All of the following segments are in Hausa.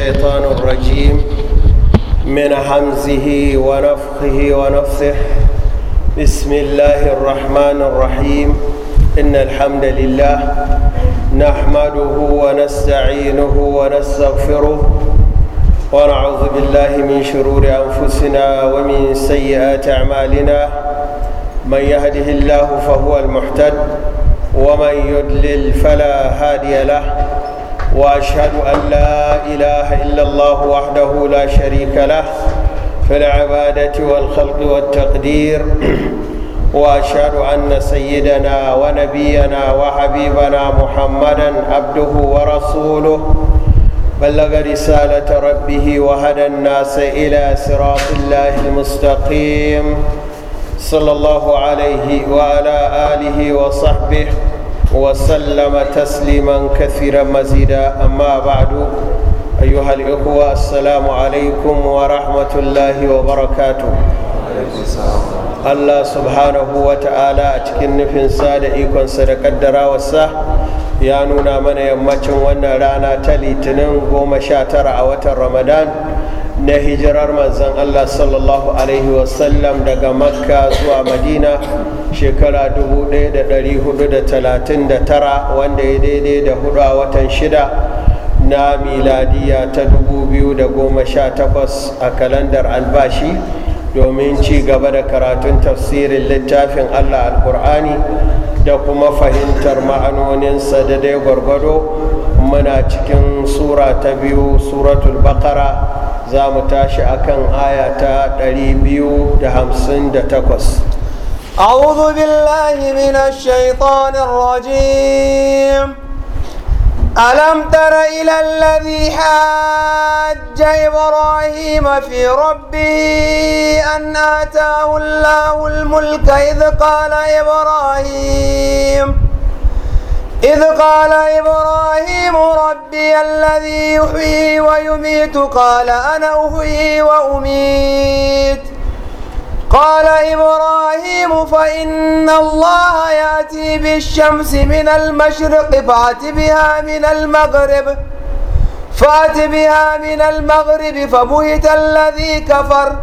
الشيطان الرجيم من همزه ونفخه ونفثه بسم الله الرحمن الرحيم إن الحمد لله نحمده ونستعينه ونستغفره ونعوذ بالله من شرور أنفسنا ومن سيئات أعمالنا من يهده الله فهو المحتد ومن يدلل فلا هادي له واشهد ان لا اله الا الله وحده لا شريك له في العباده والخلق والتقدير واشهد ان سيدنا ونبينا وحبيبنا محمدا عبده ورسوله بلغ رساله ربه وهدى الناس الى صراط الله المستقيم صلى الله عليه وعلى اله وصحبه وسلم تسليما كثيرا مزيدا أما بعد أيها الإخوة السلام عليكم ورحمة الله وبركاته Allah subhanahu wa ta'ala a cikin sa da ikonsa da kaddarawarsa ya nuna mana yammacin wannan rana ta litinin goma sha tara a watan ramadan na hijirar manzan Allah sallallahu alaihi wasallam daga makka zuwa madina shekara 1439 wanda ya daidai da hudu a watan shida na miladiya ta 2018 a kalandar albashi domin ci gaba da karatun tafsirin littafin allah alkur'ani da kuma fahimtar ma'anoninsa da dai gwargwado muna cikin sura ta biyu suratul bakara za mu tashi akan aya ta 258 أعوذ بالله من الشيطان الرجيم ألم تر إلى الذي حاج إبراهيم في ربه أن آتاه الله الملك إذ قال إبراهيم إذ قال إبراهيم ربي الذي يحيي ويميت قال أنا أحيي وأميت قال إبراهيم فإن الله يأتي بالشمس من المشرق فأت بها من المغرب فأت بها من المغرب فبهت الذي كفر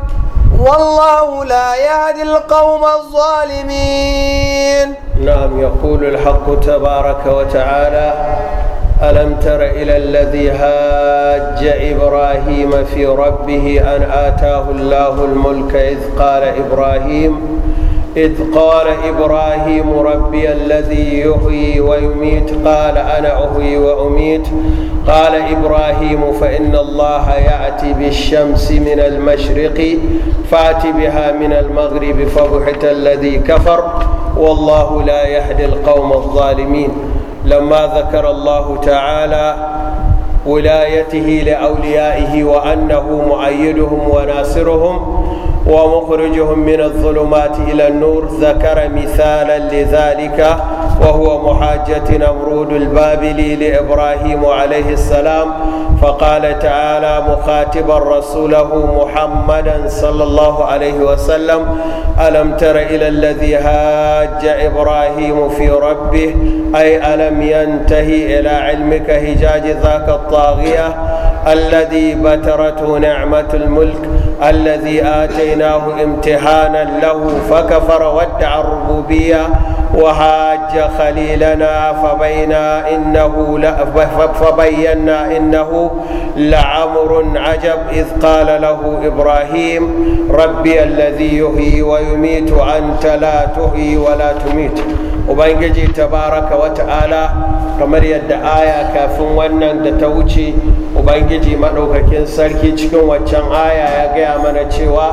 والله لا يهدي القوم الظالمين نعم يقول الحق تبارك وتعالى ألم تر إلى الذي هاج إبراهيم في ربه أن آتاه الله الملك إذ قال إبراهيم إذ قال إبراهيم ربي الذي يحيي ويميت قال أنا أحيي وأميت قال إبراهيم فإن الله يأتي بالشمس من المشرق فات بها من المغرب فبحت الذي كفر والله لا يهدي القوم الظالمين لما ذكر الله تعالى ولايته لأوليائه وأنه معيدهم وناصرهم ومخرجهم من الظلمات إلى النور ذكر مثالا لذلك وهو محاجة نمرود البابلي لإبراهيم عليه السلام فقال تعالى مخاطبا رسوله محمدا صلى الله عليه وسلم ألم تر إلى الذي هاج إبراهيم في ربه أي ألم ينتهي إلى علمك هجاج ذاك الطاغية الذي بترته نعمة الملك الذي آتيناه امتحانا له فكفر وادعى الربوبية وحاج خليلنا فبينا إنه فبينا إنه لعمر عجب إذ قال له إبراهيم ربي الذي يحيي ويميت أنت لا تحيي ولا تميت وبنجي تبارك وتعالى kamar yadda aya kafin wannan da ta wuce ubangiji maɗaukakin sarki cikin waccan aya ya gaya mana cewa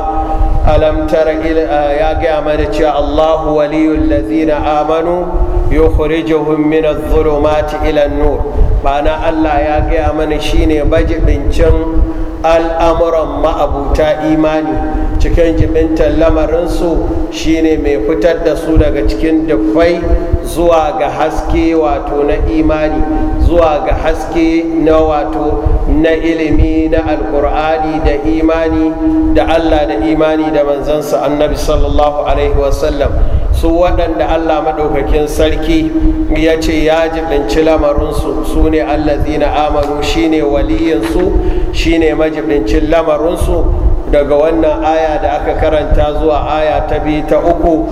alam ya gaya mana cewa allahu waliyul na amanu yukhrijuhum min ila nur ma'ana allah ya gaya mana shine majibincin al'amuran ma'abuta imani cikin jimintar lamarinsu shine mai fitar da su daga cikin dufai zuwa ga haske wato na imani zuwa ga haske na wato na ilimi na alkur'ani da imani da allah da imani da manzansa annabi sallallahu alaihi wasallam su waɗanda allah maɗaukakin sarki ya ce ya jibinci lamarinsu su ne allazina amaru shine waliyinsu shine majibincin lamarinsu daga wannan aya da aka karanta zuwa aya ta biyu ta uku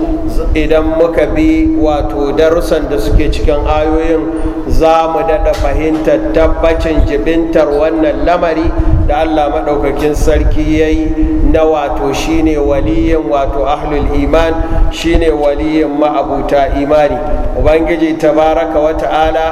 idan muka bi wato darussan da suke cikin ayoyin za mu daɗa fahimtar tabbacin jibintar wannan lamari da allah maɗaukakin sarki ya yi na wato shine waliyin wato ahlul iman shine waliyin ma'abuta imani ubangiji tabaraka wa ta'ala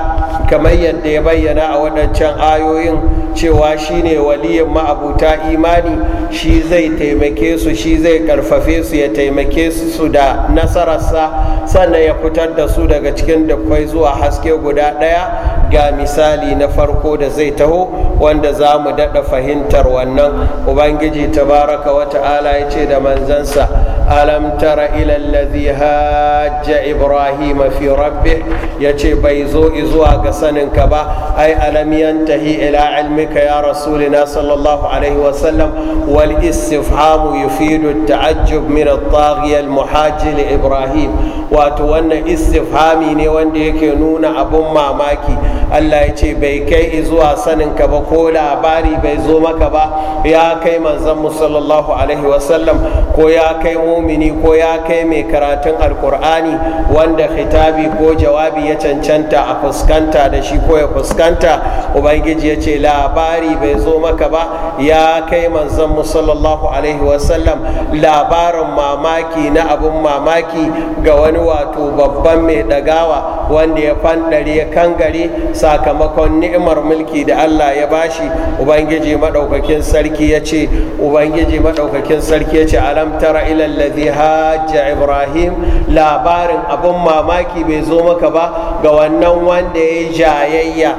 kamar yadda ya bayyana a waɗancan ayoyin cewa shine waliyin ma'abuta imani shi zai taimake su shi zai karfafe su ya taimake su da nasararsa sannan ya fitar da su daga cikin dukkai zuwa haske guda ɗaya ga misali na farko da zai taho wanda za mu daɗa fahimtar wannan ubangiji tabaraka wata ala ya ce da manzansa ألم تر إلى الذي هاج إبراهيم في ربه يتي بيزو إزوا قصن كبا أي ألم ينتهي إلى علمك يا رسولنا صلى الله عليه وسلم والاستفهام يفيد التعجب من الطاغية المحاج لإبراهيم واتوان استفهامي نيوان ديك نون أبو ماماكي الله يتي بيكي إزوا قصن كبا كولا باري بيزو مكبا يا كيما زم صلى الله عليه وسلم كويا كيمون mumini ko ya kai mai karatun alkur'ani wanda hitabi ko jawabi ya cancanta a fuskanta da shi ko ya fuskanta ubangiji ya ce labari bai zo maka ba ya kai manzon mu alaihi wasallam labarin mamaki na abun mamaki ga wani wato babban mai dagawa wanda ya fandare ya kangare sakamakon ni'imar mulki da allah ya bashi ubangiji madaukakin sarki ya ubangiji madaukakin sarki ya ce alam tara ilal allazi hajja ibrahim labarin abin mamaki bai zo maka ba ga wannan wanda ya jayayya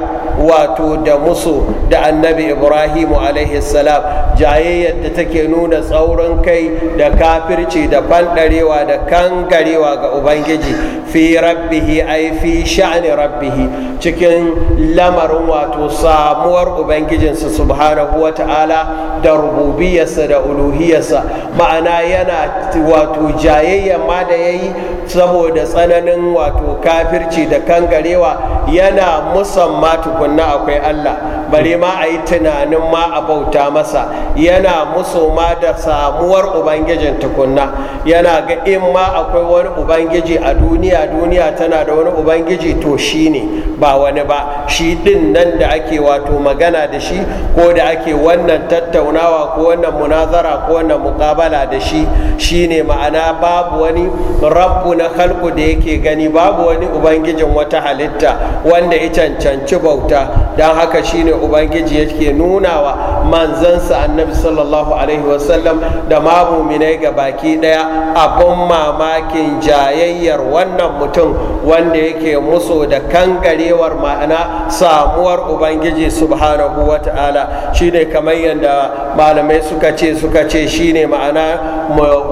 wato da musu da annabi ibrahimu alaihi salam jayayyar da take nuna tsaurin kai da kafirci da banɗarewa da kangarewa ga ubangiji fi rabbihi ai fi sha'ani rabbihi cikin lamarin wato samuwar ubangijinsa subhanahu wa ta'ala da rububiyarsa da uluhiyarsa ma'ana yana wato jayayya ma da ya yi saboda tsananin wato kafirci da kangarewa yana musamma tukunna akwai allah bare ma a yi tunanin ma a bauta masa yana muso ma da samuwar ubangijin tukunna yana ga in ma akwai wani ubangiji a duniya duniya tana da wani ubangiji to shi ne ba wani ba shi din nan da ake wato magana da shi ko da ake wannan tattaunawa ko wannan munazara ko wannan mukabala da shi shi shine ma'ana babu wani rabbu na kalku da yake gani babu wani ubangijin wata halitta wanda ya cancanci bauta don haka shine ubangiji yake nunawa manzansa annabi sallallahu alaihi wasallam da mamuminai ga baki daya abin mamakin jayayyar wannan mutum wanda yake muso da kangarewar ma'ana samuwar ubangiji subhanahu wa ta'ala shine kamar yadda malamai suka ce suka ce shine ma'ana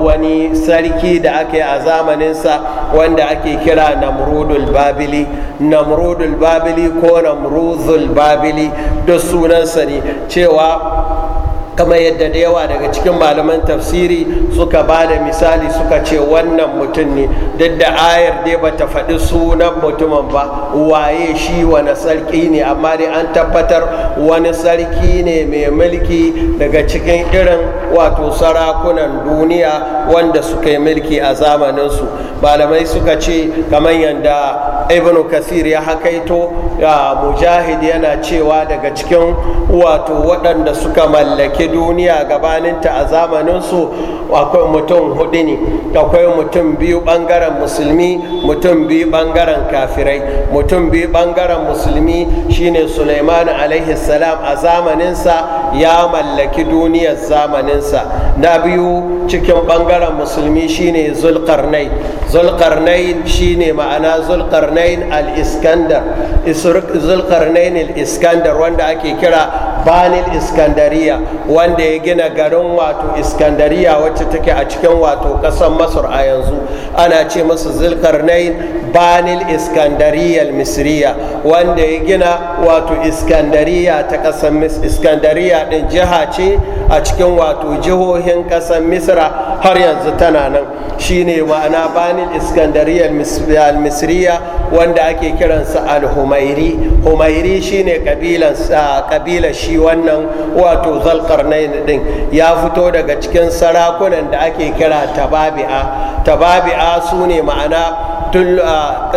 wani wani sarki da ake yi a zamaninsa wanda ake kira namrudul babili namrudul babili ko namruzul babili duk sunansa ne cewa kamar yadda da yawa daga cikin malaman tafsiri suka ba da misali suka ce wannan mutum ne duk da ayar dai ba ta faɗi sunan mutumin ba waye shi wani sarki ne amma dai an tabbatar wani sarki ne mai mulki daga cikin irin wato sarakunan duniya wanda suka yi mulki a zamaninsu malamai suka ce kamar yadda ibn kasir ya hakaito mujahid yana cewa daga cikin wato waɗanda suka mallaki mallaki duniya gabaninta a zamaninsu akwai mutum hudu ne akwai mutum biyu bangaren musulmi mutum biyu ɓangaren kafirai mutum biyu bangaren musulmi shine suleiman alaihi salam a zamaninsa ya mallaki duniyar zamaninsa na biyu cikin bangaren musulmi shine zulkarnai zulkarnain shine ma'ana zulkarnain al-iskandar zulkarnain al-iskandar wanda ake kira banil iskandariya wanda ya gina garin wato iskandariya wacce take a cikin wato ƙasar masar a yanzu ana ce masa zulkarnain banil iskandariyar misriya wanda ya gina wato iskandariya ta ƙasar iskandariya ɗin jiha ce a cikin wato jihohin ƙasar misra har yanzu tana nan shine ne ma'ana banil iskandariya misriya wanda ake kiransa alhumairi humairi humairi shine kabilan kabila shi wannan wato zalqarnain din ya fito daga cikin sarakunan da ake kira tababi'a tababi'a sune ma'ana Uh,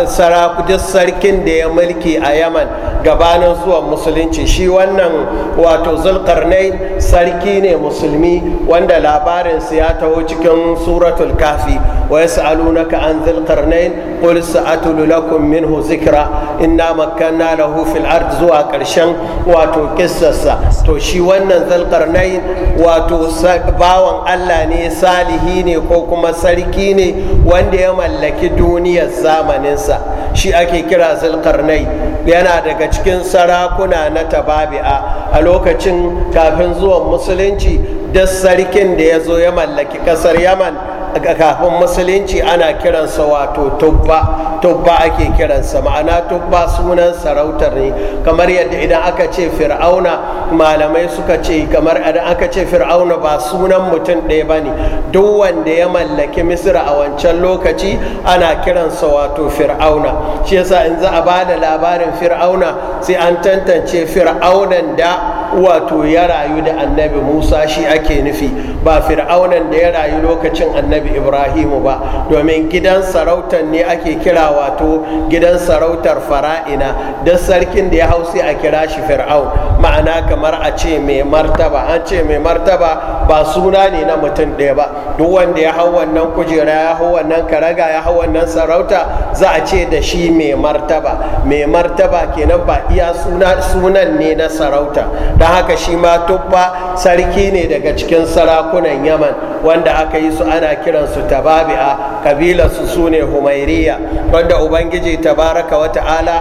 duk sarkin da ya mulki a yaman gabanin zuwan musulunci shi wannan wato zulkarnai sarki ne musulmi wanda labarinsu ya taho cikin suratul kafi wa ya sa'alunaka an zulkarnai qul sa'atulu lakum minhu zikra inna makkanna lahu fil ard zuwa karshen wato kissarsa to shi wannan zulkarnai wato bawan Allah ne salihi ne ko kuma sarki ne wanda ya mallaki duniya duniyar zamaninsa shi ake kira zulkarnai yana daga cikin sarakuna na tababi'a a lokacin kafin zuwan musulunci da sarkin da ya zo ya mallaki kasar yaman kafin musulunci ana kiransa wato tubba tubba ake kiransa ma'ana tubba sunan sarautar ne kamar yadda idan aka ce fir'auna malamai suka ce kamar idan aka ce fir'auna ba sunan mutum ɗaya ba ne duk wanda ya mallaki misira a wancan lokaci ana kiransa wato fir'auna shi yasa in za a ba da labarin fir'auna sai an tantance fir'aunan da wato ya rayu da annabi musa shi ake nufi ba fir'aunan da ya rayu lokacin annabi ibrahimu ba domin gidan sarautar ne ake kira wato gidan sarautar fara'ina da sarkin da ya hau sai a kira shi fir'aun ma'ana kamar a ce mai martaba an ce mai martaba ba suna ne na mutum ɗaya ba duk wanda ya hau wannan kujera ya hau wannan karaga ya hau wannan sarauta za a ce da shi mai martaba mai martaba kenan ba iya sunan ne na sarauta don haka shi ma tubba sarki ne daga cikin sarakunan yaman wanda aka yi su ana kiransu tababi'a kabilarsu su ne humairiya wanda ubangiji tabaraka wata'ala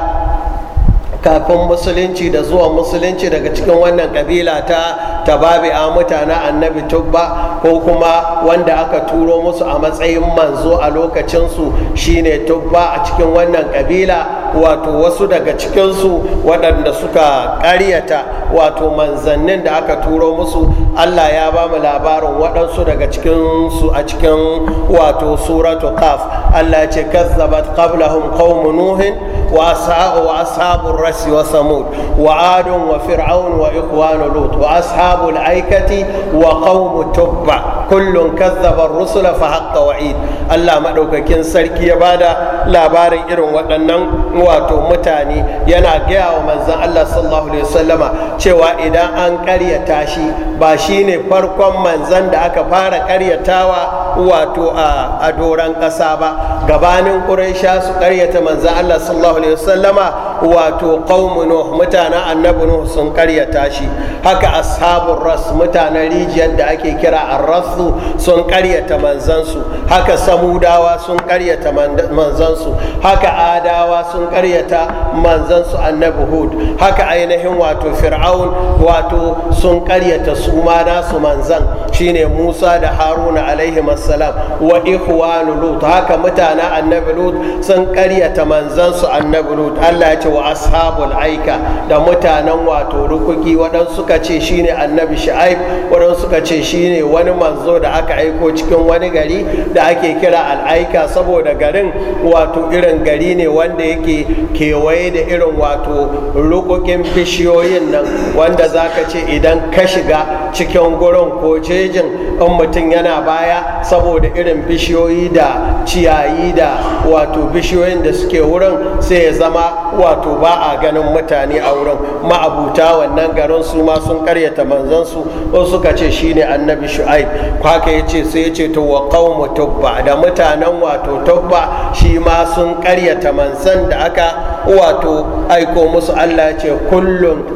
kafin musulunci da zuwa musulunci daga cikin wannan kabila ta tababi'a mutanen annabi tubba ko kuma wanda aka turo musu a matsayin manzo a lokacinsu shine tubba a cikin wannan kabila wato wasu daga cikinsu waɗanda suka ƙaryata wato manzannin da aka turo musu allah ya ba mu labarin waɗansu daga cikinsu a cikin wato suratu kaf allah ce kazzabat qablahum qaumu nuhin وأصحاب الرس وثمود وعاد وفرعون وإخوان لوط وأصحاب الأيكة وقوم تبع كل كذب الرسل فحق وعيد الله مدوكاكين سركي يبادا labarin irin waɗannan wato mutane yana gaya wa manzan Allah sallallahu alaihi wasallama cewa idan an karyata shi ba shi ne farkon manzan da aka fara karyatawa wato a doron ƙasa ba gabanin ƙuraisha su karyata manzan Allah sallallahu alaihi wasallama wato qaumu nuh mutanen annabi nuh sun karyata shi haka ashabun ras mutanen rijiyar da ake kira arrasu sun karyata manzansu haka samudawa sun karyata manzansu haka adawa sun karyata manzansu annabi hud haka ainihin wato fir'aun wato sun karyata su ma nasu manzan shine musa da haruna alaihi assalam wa ikhwanu lut haka mutanen annabi lut sun karyata manzansu annabi lut allah ya ce wa ashabul aika da mutanen wato rukuki waɗansu suka ce shine annabi sha'aib waɗansu suka ce shine wani manzo da aka aiko cikin wani gari da ake kira al'aika saboda garin wato irin gari ne wanda yake kewaye da irin wato rukukin bishiyoyin nan wanda zaka ce idan ka shiga cikin gurin ko jejin in mutum yana baya saboda irin bishiyoyi da ciyayi da wato bishiyoyin da suke wurin sai sai ya zama wato ba a ganin mutane a wurin ma'abuta wannan garin su ma sun karyata manzansu ko suka ce shine annabi shu'aib haka ya ce sai ya ce to wa qaumu tubba da mutanen wato tubba shi ma sun karyata manzan da aka wato aiko musu Allah ya ce kullun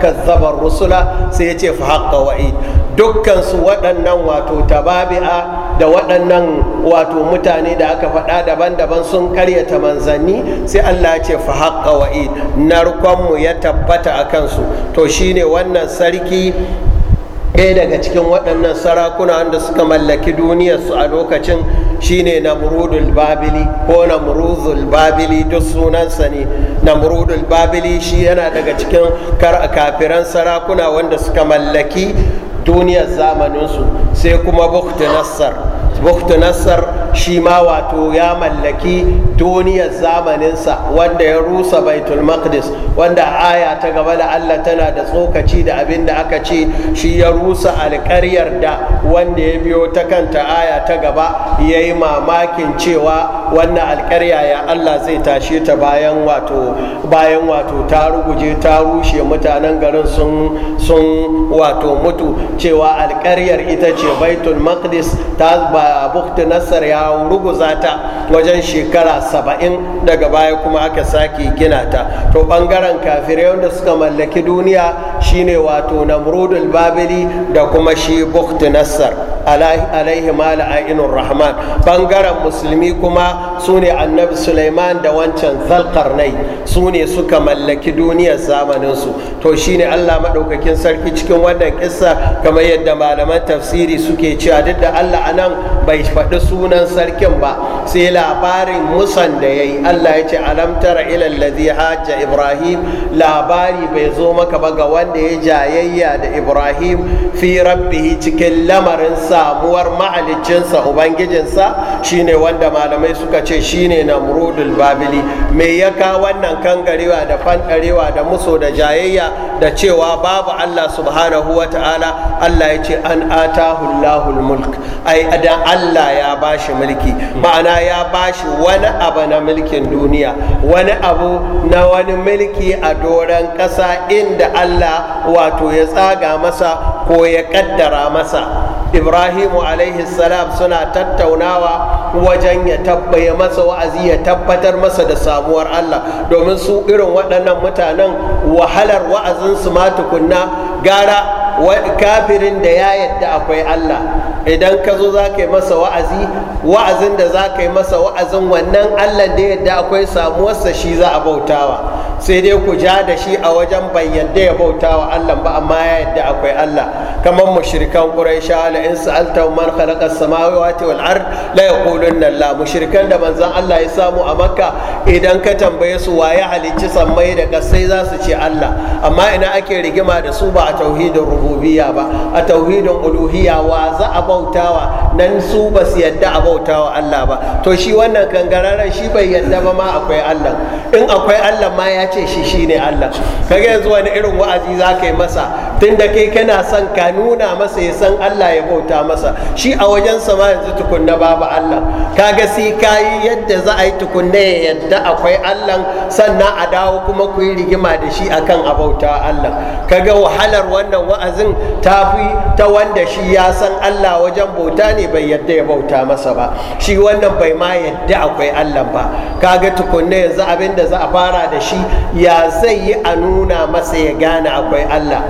kazzaba rusula sai ya ce fa haqqa wa'id dukkansu waɗannan wato tababi'a da waɗannan wato mutane da aka faɗa daban-daban sun karyata manzanni sai Allah ce fa haƙƙa wa'i narkonmu ya tabbata a kansu to shine wannan sarki ɗaya daga cikin waɗannan sarakuna wanda suka mallaki duniyarsu a lokacin shine namrudul babili ko namruzul babili duk sunansa ne namrudul babili shi yana daga cikin kafiran sarakuna wanda suka mallaki duniyar zamaninsu sai kuma bukta nassar bukta nassar shi ma wato ya mallaki duniyar zamaninsa wanda ya rusa baitul maqdis wanda aya ta gaba da allah tana da tsokaci da abin da aka ce shi ya rusa alkaryar da wanda ya biyo ta kanta aya ta gaba ya yi mamakin cewa wannan alkarya ya allah zai tashe ta bayan wato bayan wato ta ruguje ta rushe mutanen garin sun sun wato mutu cewa alkaryar ita ce baitul maqdis ta ba bukti nasar ya aka ruguza ta wajen shekara saba'in daga baya kuma aka sake gina ta to bangaren kafirai wanda suka mallaki duniya shine wato namrudul babili da kuma shi bukht nassar alaihi mala rahman bangaren musulmi kuma su ne annabi suleiman da wancan zalkarnai su ne suka mallaki duniyar zamaninsu to shine allah maɗaukakin sarki cikin wannan kisa kamar yadda malaman tafsiri suke cewa duk da allah anan bai faɗi sunan sarkin ba sai labarin musan da ya yi allah ya ce alamtara ilallazi hajja ibrahim labari bai zo maka ba ga wanda ya jayayya da ibrahim fi rabbihi cikin lamarin samuwar mahaliccinsa ubangijinsa shine wanda malamai suka ce shine namrudul babili me ya ka wannan kangarewa da fanɗarewa da muso da jayayya da cewa babu allah subhanahu wa ta'ala allah ya ce an atahullahu mulk ai da allah ya bashi mulki ma'ana ya bashi wani abu na mulkin duniya wani abu na wani mulki a doron ƙasa inda Allah wato ya tsaga masa ko ya ƙaddara masa ibrahimu alaihi salam suna tattaunawa wajen ya tabbaya masa wa'azi ya tabbatar masa da samuwar Allah domin su irin waɗannan mutanen wahalar wa'azinsu ma tukunna gara kafirin da ya yadda akwai Allah idan ka zo za ka yi masa wa'azi wa'azin da za ka yi masa wa'azin wannan allah da yadda akwai samuwarsa shi za a bautawa sai dai ku ja da shi a wajen bai yadda ya bauta wa Allah ba amma ya yadda akwai Allah kamar mushrikan quraisha la in sa'alta man khalaqa as-samawati wal ard la yaqulunna la mushrikan da manzon Allah ya samu a Makka idan ka tambaye su waye halicci sammai da kasai za su ce Allah amma ina ake rigima da su ba a tauhidin rububiyya ba a tauhidin uluhiyya wa za a bautawa nan su ba su yadda a bautawa Allah ba to shi wannan kangararen shi bai yadda ba ma akwai Allah in akwai Allah ma ya ce ce shi shi ne Allah kaga yanzu wani irin wa'azi za ka yi masa tun da kai kana son ka nuna masa ya san Allah ya bauta masa shi a wajen sama yanzu tukunna babu Allah kaga sai ka yi yadda za a yi tukunna ya yadda akwai Allah sannan a dawo kuma ku yi rigima da shi akan a bauta Allah ga wahalar wannan wa'azin ta fi ta wanda shi ya san Allah wajen bauta ne bai yadda ya bauta masa ba shi wannan bai ma yadda akwai Allah ba kaga tukunna yanzu abinda da za a fara da shi ya zai yi a nuna masa ya gane akwai Allah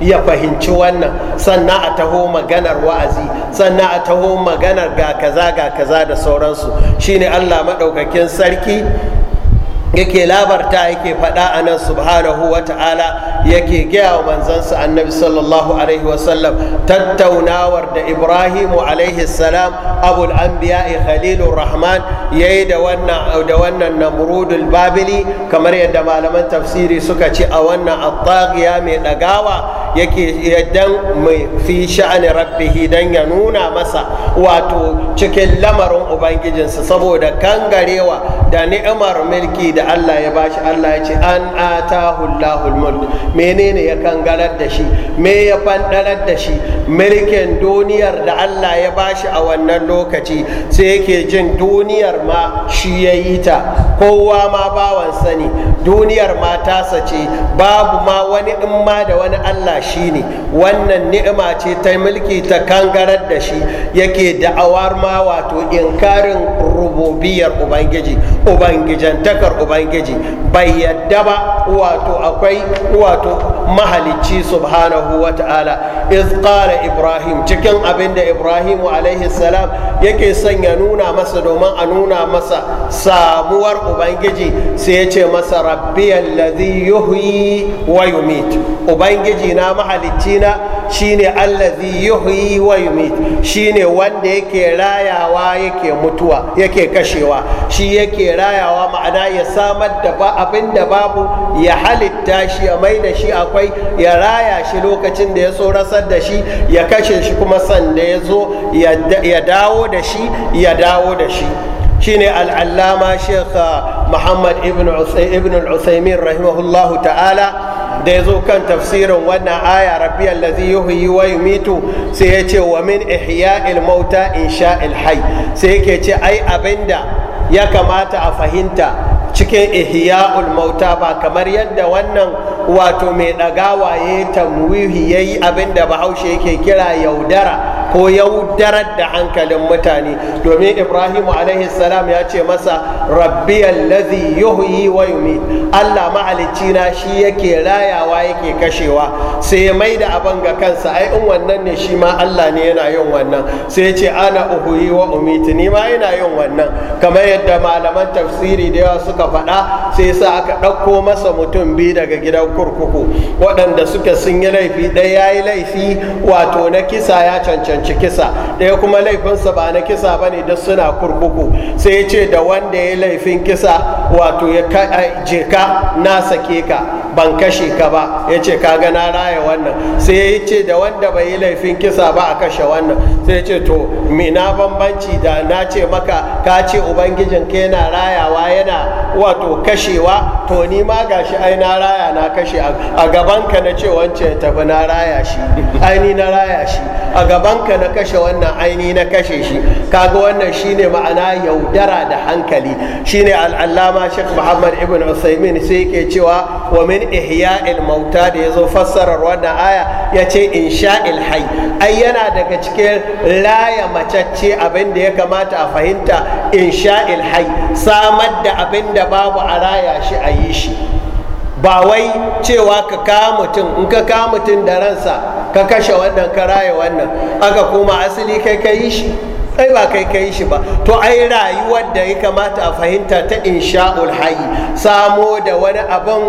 ya fahimci wannan sannan a taho maganar wa'azi sannan a taho maganar ga kaza ga kaza da sauransu shine allah maɗaukakin sarki yake labarta yake faɗa a nan subhanahu wa ta'ala yake gaya wa manzansa annabi sallallahu alaihi wasallam tattaunawar da ibrahimu alaihi salam abul anbiya'i khalilur rahman yayi da wannan da wannan namrudul babili kamar yadda malaman tafsiri suka ce a wannan at mai ɗagawa yake yaddan mai fi sha'ani rabbihi dan ya nuna masa wato cikin lamarin ubangijinsa saboda kangarewa da ni'imar mulki da Allah ya bashi Allah ya ce an atahu Allahul mulk menene ya kangarar da shi me ya fandarar da shi mulkin duniyar da Allah ya bashi a wannan lokaci sai yake jin duniyar ma shi ya yi ta kowa ma bawan sani duniyar ma ta sace babu ma wani in ma da wani Allah shi ne wannan ni'ima ce ta mulki ta kangarar da shi yake da'awar ma wato inkarin rububiyar ubangiji ubangijantakar ubangiji bai yadda ba wato akwai wato mahalicci subhanahu wa ta'ala iz ibrahim cikin abin da ibrahimu alaihi salam yake son ya nuna masa domin a nuna masa samuwar ubangiji sai ya ce masa rabbi allazi yuhyi wa yumit ubangiji na na mahalicci na shine allazi yuhyi wa yumit shine wanda yake rayawa yake mutuwa yake kashewa shi yake rayawa ma'ana ya samar da abin da babu ya halitta shi ya mai da shi akwai ya raya shi lokacin da ya so rasar da shi ya kashe shi kuma sanda ya zo ya dawo da shi ya dawo da shi shine al'allama shekha muhammad ibn al-usaimin rahimahullahu ta'ala da ya zo kan tafsirin wannan aya rabbi allazi yi wa yumitu sai ya ce wa min ilmauta in sha ilhai. sai yake ce ai abinda ya kamata a fahimta cikin ihya'ul ulmauta. ba kamar yadda wannan wato mai ɗagawa ya tamwihi ya yi abin bahaushe yake kira yaudara ko yaudarar da hankalin mutane domin ibrahim alaihi salam ya ce masa rabbi allazi yuhyi wa yumit allah mahalicci na shi yake rayawa yake kashewa sai ya mai da abin ga kansa ai in wannan ne shi ma allah ne yana yin wannan sai ya ce ana uhuyi wa umit ni ma yana yin wannan kamar yadda malaman tafsiri da yawa suka faɗa sai sa aka ɗauko masa mutum biyu daga gidan kurkuku waɗanda suka sun yi laifi ɗaya ya yi laifi wato na kisa ya cancanci cancanci kisa ɗaya kuma laifinsa ba na kisa ba ne duk suna kurkuku sai ya ce da wanda ya laifin kisa wato ya jeka na sake ka ban kashe ka ba ya ce ka na raya wannan sai ya ce da wanda bai yi laifin kisa ba a kashe wannan sai ya ce to me na bambanci da na ce maka ka ce ubangijin ka yana rayawa yana wato kashewa to ni ma gashi ai na raya na kashe a gaban ka na ce wance ya tafi na raya shi aini na raya shi a gaban ka na kashe wannan aini na kashe shi kaga wannan shine ma'ana yaudara da hankali shine al'allama Sheikh Muhammad Ibn Usaimin sai yake cewa wa min Ihya mauta da ya zo fassarar wannan aya ya ce insha'il hai ai yana daga cikin laya macacce abin da ya kamata a fahimta in sha hai samar da abin da babu a raya shi a yi shi ba wai cewa ka ka mutum in ka ka mutum da ransa ka kashe wannan ka raya wannan aka kuma asali kai ka yi shi ai ba kai kai shi ba to ai rayuwar da ya kamata a fahimta ta insha'ul hayi samo da wani abin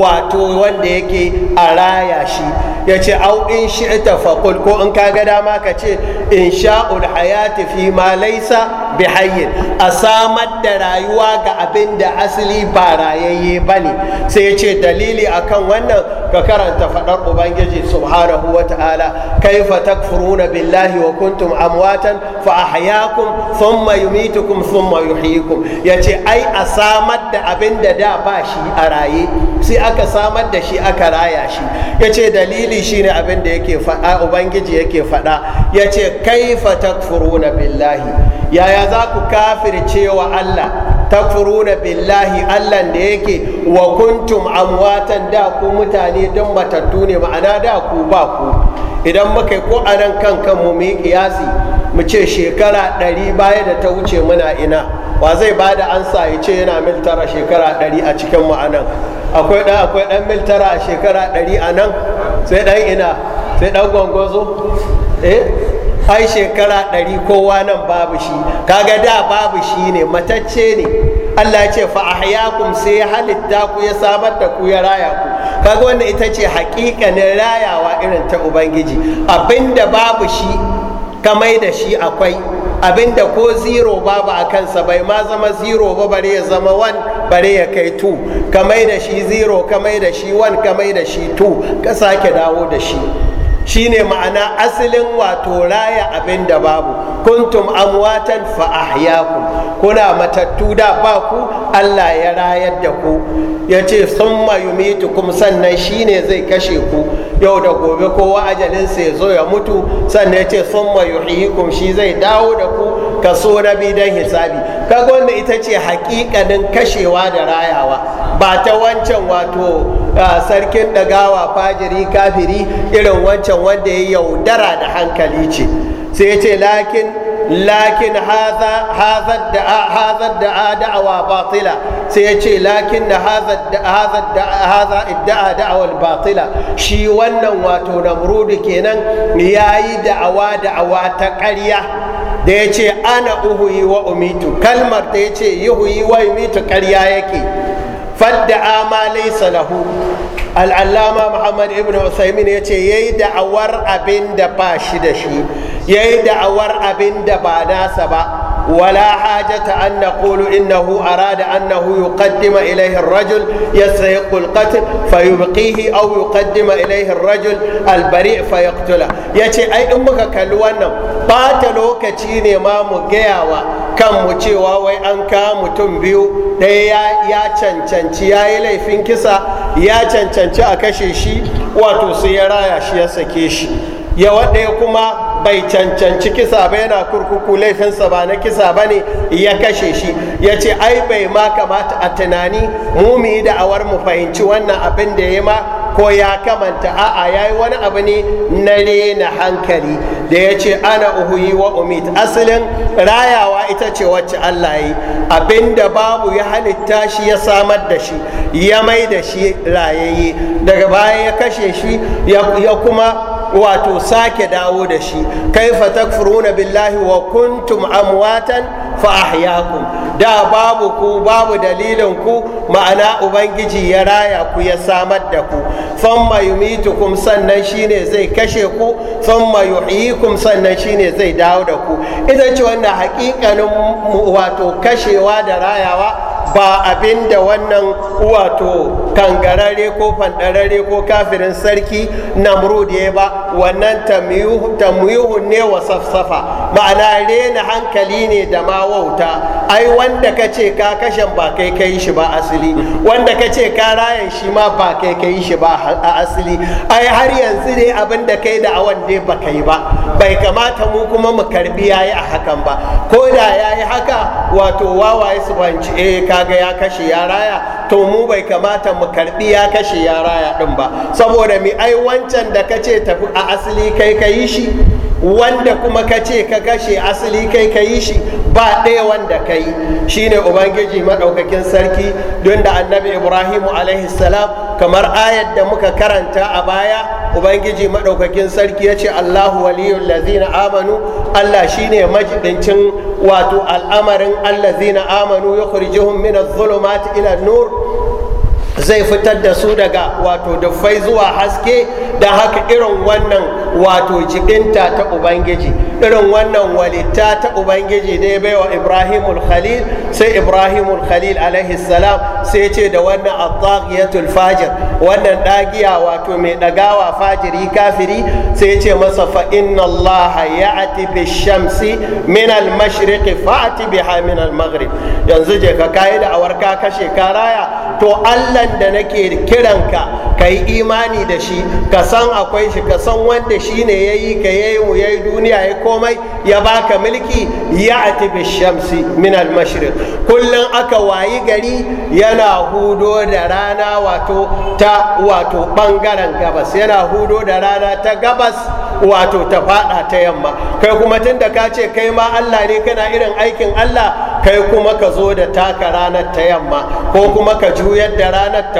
wato wanda yake a raya shi ya ce au in shi'ta faqul ko in kaga dama ka ce insha'ul hayati fi ma laisa bi hayyin a samar da rayuwa ga abin da asali ba rayayye bane sai ya ce dalili akan wannan ka karanta faɗar ubangiji subhanahu wa ta'ala kaifa takfuruna billahi wa kuntum amwatan fa ahyakum thumma yumitukum thumma yuhyikum yace ai a samar da abin da da ba shi a raye sai aka samar da shi aka raya shi yace dalili shine abin da yake faɗa ubangiji yake faɗa yace kaifa takfuruna billahi yaya za ku kafircewa Allah takfuruna billahi Allah da yake wa kuntum amwatan da ku mutane don matattu ne ma'ana da ku ba ku idan muka yi ko a nan kan kanmu mu yi kiyasi mu ce shekara ɗari baya da ta wuce muna ina wa zai ba da ansa ya ce yana mil tara shekara ɗari a cikin mu a akwai ɗan akwai ɗan mil tara a shekara ɗari a nan sai ɗan ina sai ɗan gwangwazo eh ai shekara ɗari kowa nan babu shi kaga da babu shi ne matacce ne allah ya ce fa ahyakum sai halitta ku ya samar da ku ya raya ku kaga wannan ita ce hakikanin rayawa irin ta ubangiji abinda babu shi ka da shi akwai abinda ko zero babu a kansa bai ma zama zero ba bare ya zama one bare ya kai two Kamai mai da shi zero ka mai da shi one ka da shi two ka sake dawo da shi shine ma'ana asalin wato raya abin da babu kuntum amwatan fa ahyakum kuna matattu da ba ku Allah ya rayar da ku ya ce sun mayumitu kuma sannan shi ne zai kashe ku yau da gobe kowa ajalinsa ya zo ya mutu sannan ya ce sun mayuhikum shi zai dawo da ku so na bi don hisabi kaga wanda ita ce hakikanin kashewa da rayawa ba ta wancan wato sarkin dagawa fajiri kafiri irin wancan wanda ya yaudara da hankali ce sai ya ce lakin lakin haza da'a da'awa batila sai ya ce lakin da haza idda'a da'awar batila shi wannan wato namrudu kenan ya yi da'awa da'awa ta ƙarya da ya ce ana uhuyi wa umitu kalmar da ya ce yi wa umitu ƙarya yake fadda'a ma laisa lahu al'allama muhammad ibn usaimin ya ce ya yi da'awar abin da ba shi da shi ya yi da'awar abin da ba nasa ba ولا حاجة أن نقول إنه أراد أنه يقدم إليه الرجل يسرق القتل فيبقيه أو يقدم إليه الرجل البريء فيقتله يتي أي أمك كالوانا قاتلوا كتيني ما مجيوا كم مجيوا وأن كام تنبيو يا يا biyu ɗaya يا cancanci فين كسا يا kisa ya cancanci a kashe shi wato sai ya raya shi bai cancanci kisa ba yana kurkuku laifinsa ba na kisa ba ne ya kashe shi ya ce ai bai ma kamata a tunani mu mu yi da'awar mu fahimci wannan abin da ya ma ko ya kamanta a'a ya yi wani abu ne na rena hankali da ya ce ana uhuyi wa umit asalin rayawa ita ce wacce Allah yi Abin da babu ya halitta shi ya samar da shi ya mai da shi rayayye daga baya ya kashe shi ya kuma wato sake dawo da shi kaifa takfuruna billahi wa kuntum amwatan fa ahyaakum da babu ku babu dalilin ku ma'ana ubangiji ya raya ku ya samar da ku san yumitukum sannan shine zai kashe ku thumma yuhyikum sannan shine zai dawo da ku ita ce wannan hakikanin wato kashewa da rayawa ba abinda wannan wato kangarare ko fandarare ko kafirin sarki namrud ya ba wannan tamuyuhu ne wa safsafa ma'ana rena hankali ne da ma wauta ai wanda ka ce ka kashe ba kai kai shi ba asali wanda ka ce ka rayan shi ma ba kai kai shi ba a asali ai har yanzu ne abin da kai da awan ne ba kai ba bai kamata mu kuma mu karbi yayi a hakan ba ko da yayi haka wato wawaye su banci eh kaga ya kashe ya raya to mu bai kamata mu karbi ya kashe ya raya din ba saboda mi ai wancan da kace tafi a asali kai ka yi shi wanda kuma ka ce ka kashe asali kai ka yi shi ba ɗaya wanda ka yi Shi ne ubangiji maɗaukakin sarki don da annabi ibrahimu alaihi salam kamar ayat da muka karanta a baya ubangiji maɗaukakin sarki ya ce allahu waliyun lazina amanu allah shi ne majidincin wato al'amarin allazina amanu ya kurjihun min zulumat ila nur zai fitar da su daga wato fai zuwa haske da haka irin wannan wato jibinta ta ubangiji irin wannan walitta ta ubangiji da ya baiwa ibrahimul khalil sai ibrahimul khalil alaihi salam sai ce da wannan attaghiyatul fajir wannan dagiya wato mai dagawa fajiri kafiri sai ce masa fa inna allaha ya'ti bi shamsi min al mashriqi fa'ti biha min al maghrib yanzu je ka kai da awarka kashe ka raya to allan da nake kiranka ka yi imani da shi ka san akwai shi ka san wanda shine yayi ka ya yi yayi duniya ya komai ya baka mulki ya ati shamsi min al mashriq aka wayi gari yana hudo da rana wato ta wato bangaren gabas yana hudo da rana ta gabas wato ta fada ta yamma kai kuma tunda ka ce kai ma Allah ne kana irin aikin Allah kai kuma ka zo da taka ranar ta yamma ko kuma ka juyar da ranar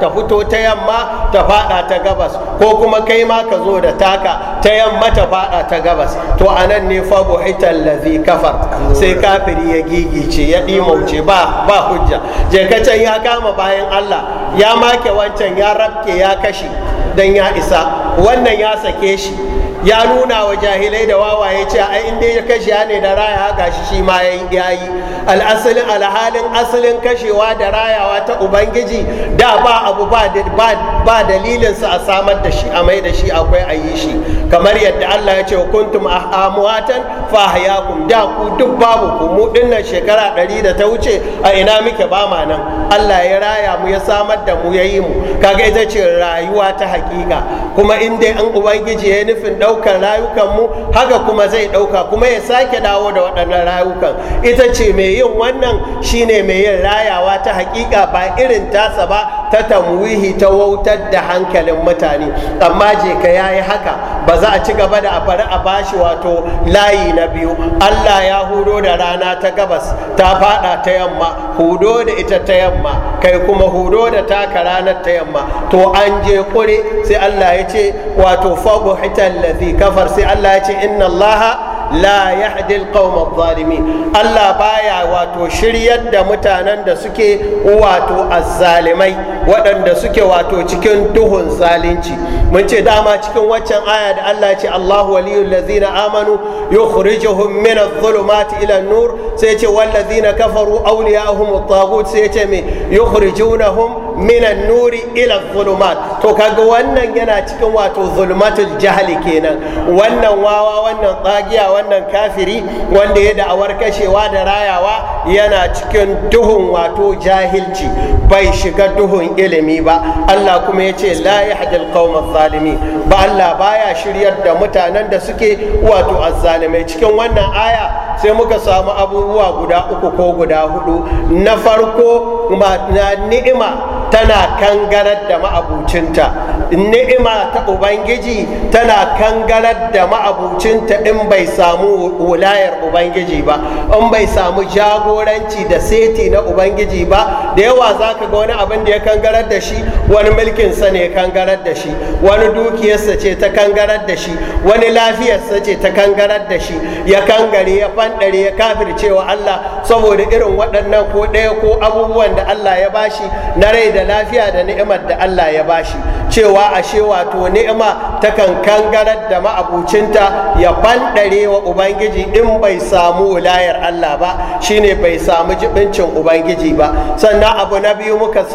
ta fito ta yamma ta fada ta gabas ko kuma kai ma ka zo da taka ta yamma ta fada ta gabas to a nan ne fa buhita allazi kafar sai kafiri ya gigice ya dimauce ba ba hujja je ka ya kama bayan Allah ya make wancan ya rabke ya kashe dan ya isa wannan ya sake shi ya nuna wa jahilai da wawa ya ce a inda ya kashe ne da raya ga shi shi ma ya yi al'asalin alhalin asalin kashewa da rayawa ta ubangiji da ba abu ba dalilinsa a samar da shi a mai da shi akwai a yi shi kamar yadda allah ya ce kuntum ah, amwatan fa kun da ku duk babu ku mu dinnan shekara ɗari da ta wuce a ina muke ba ma nan allah ya raya mu ya samar da mu ya yi mu kaga ita ce rayuwa ta hakika kuma in dai an ubangiji ya nufin ɗau rayukan rayukanmu haka kuma zai ɗauka kuma ya sake dawo da waɗannan rayukan ita ce mai yin wannan shine mai yin rayawa ta haƙiƙa ba irin tasa ba ta tamwihi ta wautar da hankalin mutane amma je ka yayi haka ba za a ci gaba da a a bashi wato layi na biyu allah ya hudo da rana ta gabas ta fada ta yamma hudo da ita ta yamma kai kuma hudo da taka ranar ta yamma to an je kure sai allah ya ce wato fago hitar lazi kafar sai allah ya ce inna allaha la yahdi alqawma adh-dhalimin Allah baya wato shiryar da mutanen da suke wato azzalimai waɗanda suke wato cikin duhun zalunci mun ce dama cikin waccan aya da Allah ya ce Allahu waliyul ladzina amanu yukhrijuhum min adh-dhulumati ila an-nur sai ya ce wal ladzina kafaru awliya'uhum at-taghut sai ya ce me yukhrijunahum minan nuri ila zulumat to kaga wannan yana cikin wato zulumatul jahali kenan wannan wawa wannan tsagiya wannan kafiri wanda ya da'awar kashewa da rayawa yana cikin duhun wato jahilci bai shiga duhun ilimi ba Allah kuma ya ce la yahdil qawmal zalimi ba Allah baya shiryar da mutanen da suke wato azzalimai cikin wannan aya sai muka samu abubuwa guda uku ko guda hudu na farko na ni'ima tana kangarar da ma'abucinta ni'ima ta ubangiji tana kangarar da ma'abucinta in bai samu wulayar ubangiji ba in bai samu jagoranci da seti na ubangiji ba da yawa za ka ga wani abin da ya kangarar da shi wani mulkinsa ne ya kangarar da shi wani dukiyarsa ce ta kangarar da shi wani lafiyarsa ce ta kangarar da shi ya kangare ya fanɗare ya cewa allah saboda irin waɗannan ko ɗaya ko abubuwan da allah ya bashi na rai da lafiya da ni'imar da allah ya bashi cewa cewa ashe wato ni'ima ta kan kangarar da ma'abucinta ya bandare wa ubangiji in bai samu wulayar Allah ba shine bai samu jibincin ubangiji ba sannan abu na biyu muka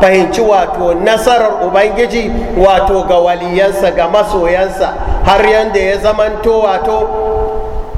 fahimci wato nasarar ubangiji wato ga waliyansa ga masoyansa har yanda ya zamanto wato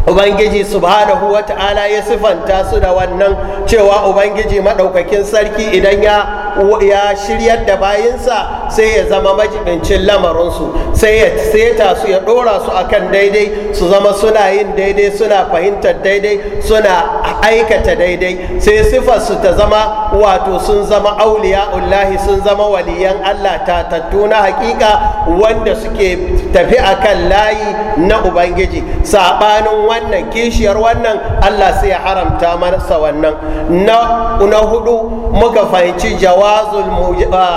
ubangiji subhanahu ta'ala ya sifanta su da wannan cewa ubangiji maɗaukakin sarki idan ya ya shiryar da bayinsa sai ya zama majibincin lamarinsu sai ya seta su ya dora su akan daidai su zama suna yin daidai suna fahimtar daidai suna aikata daidai sai sifarsu ta zama wato sun zama auliya ullahi sun zama waliyan allah ta na hakika wanda suke tafi akan layi na ubangiji saɓanin wannan kishiyar wannan allah sai ya haramta masa wannan na hudu muka fahimci jawazul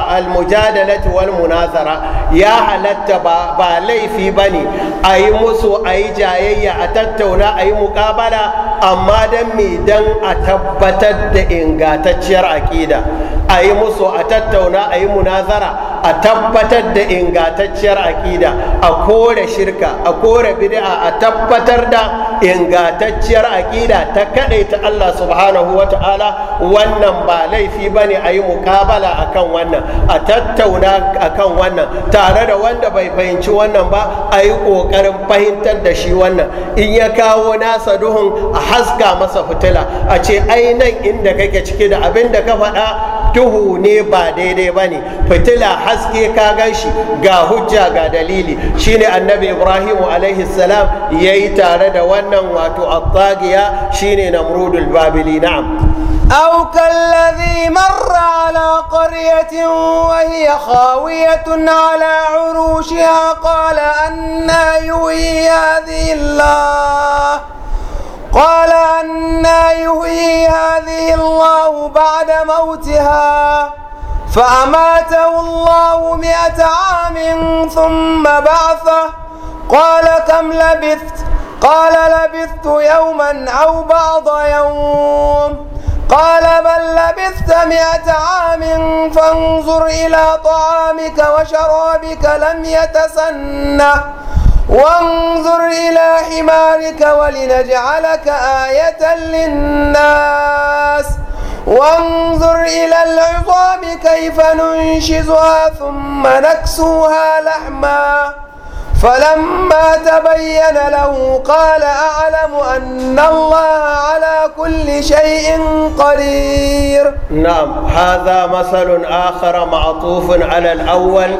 almujadalati wal munazara ya halatta ba laifi ba ne a yi musu a yi jayayya a tattauna a yi mukabala amma don me don a tabbatar da ingantacciyar aƙida a yi musu a tattauna a yi munazara a tabbatar da ingantacciyar aƙida a kore shirka a kore bid'a a tabbatar da ingantacciyar aƙida ta ta Allah subhanahu wa wannan ba laifi ba ne a yi mukabala a kan wannan a tattauna a kan wannan tare da wanda bai fahimci wannan ba a yi ƙoƙarin fahimtar da shi wannan in ya kawo nasa duhun a haska masa fitila a ce ai nan inda kake ciki da abin da ka faɗa tuhu ne ba daidai ba ne fitila haske ka gan shi ga hujja ga dalili shine annabi ibrahim alaihi salam ya yi tare da wannan wato attagiya shine namrudul babili na'am أو كالذي مر على قرية وهي خاوية على عروشها قال أنا يوي هذه الله قال أنا يحيي هذه الله بعد موتها فأماته الله مئة عام ثم بعثه قال كم لبثت قال لبثت يوما أو بعض يوم قال بل لبثت مئة عام فانظر إلى طعامك وشرابك لم يتسنه وانظر إلى حمارك ولنجعلك آية للناس وانظر إلى العظام كيف ننشزها ثم نكسوها لحما فلما تبين له قال أعلم أن الله على كل شيء قدير نعم هذا مثل آخر معطوف على الأول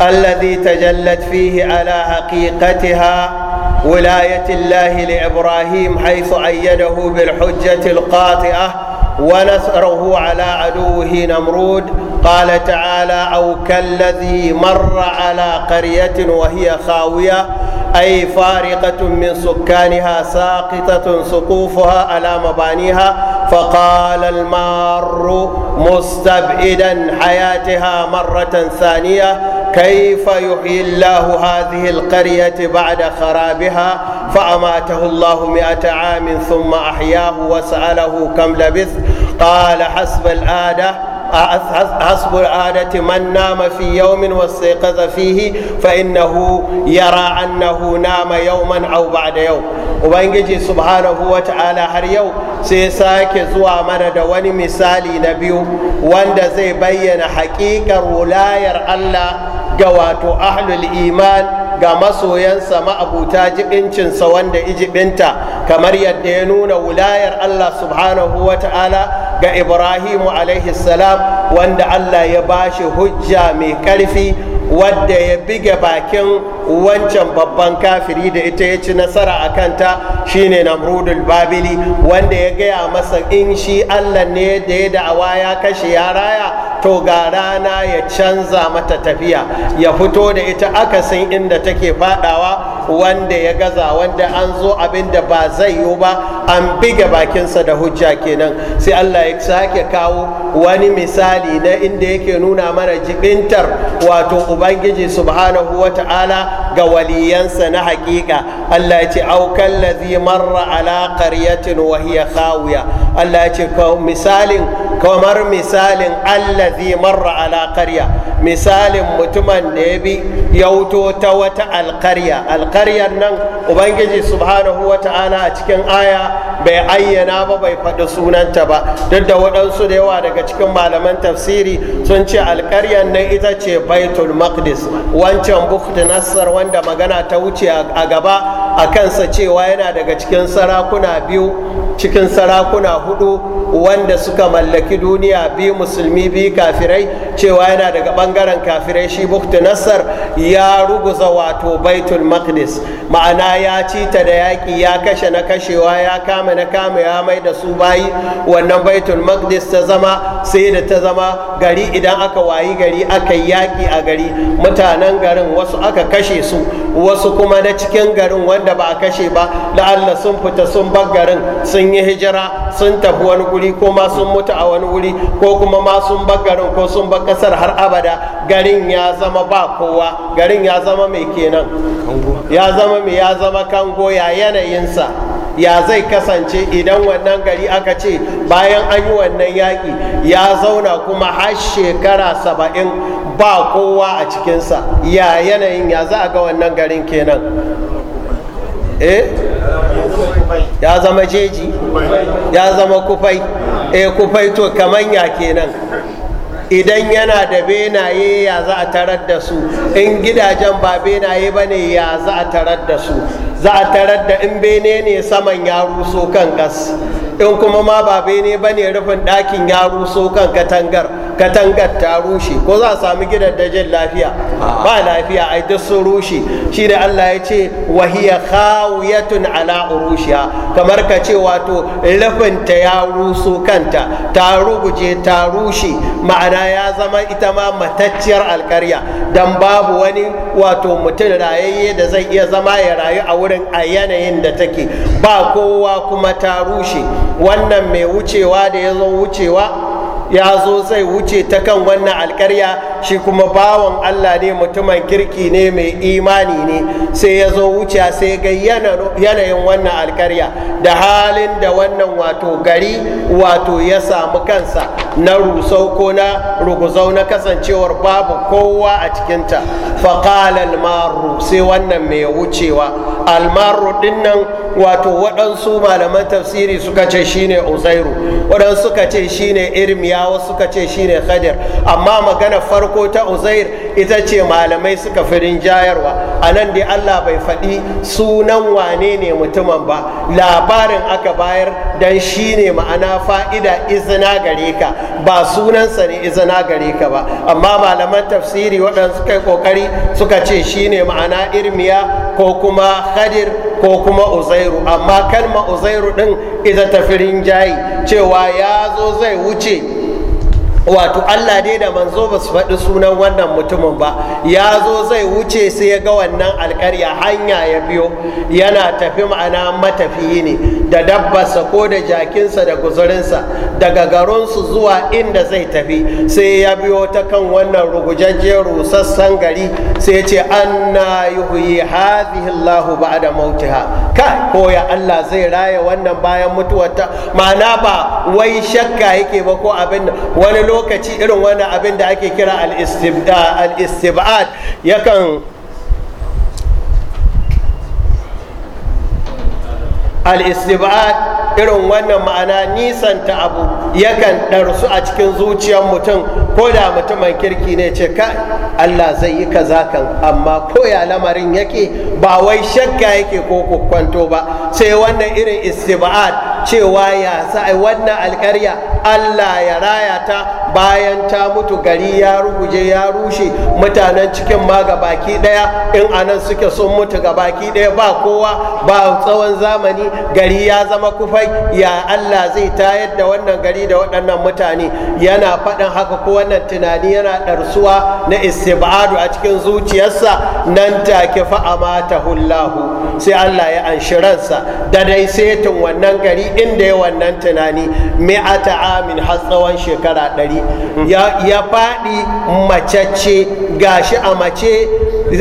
الذي تجلت فيه على حقيقتها ولاية الله لإبراهيم حيث أيده بالحجة القاطئة ونثره على عدوه نمرود قال تعالى أو كالذي مر على قرية وهي خاوية أي فارقة من سكانها ساقطة سقوفها على مبانيها فقال المار مستبعدا حياتها مرة ثانية كيف يحيي الله هذه القرية بعد خرابها فأماته الله مئة عام ثم أحياه وسأله كم لبث قال حسب الآدة حسب العادة من نام في يوم واستيقظ فيه فإنه يرى أنه نام يوما أو بعد يوم وبين subhanahu سبحانه وتعالى har yau sai sake zuwa mana da wani بيّن na biyu wanda ga wato ahlul iman ga masoyansa ma'abuta jibincinsa wanda ijibinta kamar yadda ya nuna wulayar Allah subhanahu wa ta'ala ga Ibrahimu alaihi salam wanda Allah ya bashi hujja mai ƙarfi wadda ya bige bakin wancan babban kafiri da ita ya ci nasara a kanta shine namrudul babili wanda ya gaya masa in shi allah ne da ya da'awa ya kashe ya raya to ga rana ya canza mata tafiya ya fito da ita aka san inda take fadawa wanda ya gaza wanda an zo abin da ba zai yiwu ba an bige bakinsa da hujja kenan sai allah ya sake kawo wani misali na inda yake nuna mana jibintar wato ubangiji subhanahu ta'ala ga waliyansa na hakika Allah ya ce aukan lazi marra ala karyatin wahiya khawiya Allah ya ce misalin kamar misalin allazi marra ala karya. misalin mutumin da ya bi yauto ta wata alkarya alkaryar nan ubangiji subhanahu ta'ala a cikin aya bai ayyana ba bai faɗi sunanta ba duk da waɗansu da yawa daga cikin malaman tafsiri sun ce alƙaryar nan ita ce baitul maqdis wancan bukht nassar wanda magana ta wuce a gaba a kansa cewa yana daga cikin sarakuna biyu cikin sarakuna hudu wanda suka mallaki duniya bi musulmi bi kafirai cewa yana daga bangaren kafirai shi buktu nasar ya ruguza wato baitul maqdis ma'ana ya cita da yaƙi ya kashe na kashewa ya kama na kama ya mai da su bayi wannan baitul maqdis ta zama sai da ta zama gari idan aka wayi gari aka yaƙi a gari mutanen garin wasu aka kashe su wasu kuma na cikin garin wanda ba a kashe ba la'alla sun fita sun bar garin sun yi hijira sun tafi wani wuri ko ma sun mutu a wani wuri ko kuma ma sun bar garin ko sun bar kasar har abada garin ya zama ba kowa garin ya zama mai kenan ya zama mai ya zama kango ya yanayinsa ya zai kasance idan wannan gari aka ce bayan an yi wannan yaƙi ya zauna kuma har shekara saba'in ba kowa a cikinsa ya yanayin ya za a ga wannan garin kenan eh ya zama jeji ya zama kufai eh kufai to kaman ya kenan idan yana da benaye ya za a tarar da su in gidajen ba benaye ba ne ya za a tarar da su za a tarar da in bene ne saman ya ruso kan gas in kuma ma ba ne ba ne rufin ɗakin ya ruso kan katangar katangar ta rushe ko za a sami gidan dajin lafiya ba lafiya ai duk sun rushe shi da Allah ya ce wahiya khawiyatun ala urushiya kamar ka ce wato rufin ta ya ruso kanta ta ruguje ta rushe ma'ana ya zama ita ma matacciyar alkarya dan babu wani wato mutum rayayye da zai iya zama ya rayu a wurin a yanayin da take ba kowa kuma ta rushe wannan mai wucewa da ya zo wucewa ya zo zai wuce ta kan wannan alkarya shi kuma bawan Allah ne mutumin kirki ne mai imani ne sai ya zo wuce sai ga yanayin wannan alkarya da halin da wannan wato gari wato ya samu kansa na rusau ko na ruguzau na kasancewar babu kowa a cikinta faƙalal maru sai wannan mai wucewa almaru dinnan wato waɗansu malaman tafsiri suka ce shine uzairu waɗansu suka ce shine irmiya na wasu suka ce shine khadir amma magana farko ta uzair ita ce malamai suka fi rinjayarwa a nan dai allah bai faɗi sunan wane ne mutumin ba labarin aka bayar dan shine ma'ana fa'ida izina gare ka ba sunansa ne izina gare ka ba amma malaman tafsiri waɗanda suka yi ƙoƙari suka ce shine ma'ana irmiya ko kuma khadir ko kuma uzairu amma kalma uzairu ɗin ita ta tafirin jayi cewa ya zo zai wuce wato Allah dai da manzo ba su faɗi sunan wannan mutumin ba ya zo zai wuce sai ya ga wannan alƙarya hanya ya biyo yana tafi ma'ana matafiyi ne da dabbarsa ko da jakinsa da guzurinsa daga garinsu zuwa inda zai tafi sai ya biyo ta kan wannan rugujajjen rusassan gari sai ce anna yuhyi hadhihi Allah ba'da mautiha kai ko ya Allah zai raya wannan bayan mutuwarta ma'ana ba wai shakka yake ba ko abin wani lokaci irin wani abin da ake kira al-istibad yakan al irin wannan ma'ana nisanta abu yakan ɗarsu a cikin zuciyar mutum ko da mutumin kirki ne ce ka Allah zai yi kaza kan amma ko ya lamarin yake ba wai shakka yake ko kwanto ba sai wannan irin istibad cewa ya sa'ai wannan alkarya Allah ya raya ta bayan ta mutu gari ya ruguje ya rushe mutanen cikin ma ga baki daya in anan suke sun mutu ga baki ɗaya ba kowa ba tsawon zamani gari ya zama kufai ya Allah zai tayar da wannan gari da waɗannan mutane yana faɗin haka ko wannan tunani yana ɗarsuwa na istibadu a cikin zuciyarsa nan take fa amata hullahu sai Allah ya anshi ransa da dai setin wannan gari duk inda ya wannan tunani mi'ata amin har tsawon shekara ɗari ya faɗi macece gashi a mace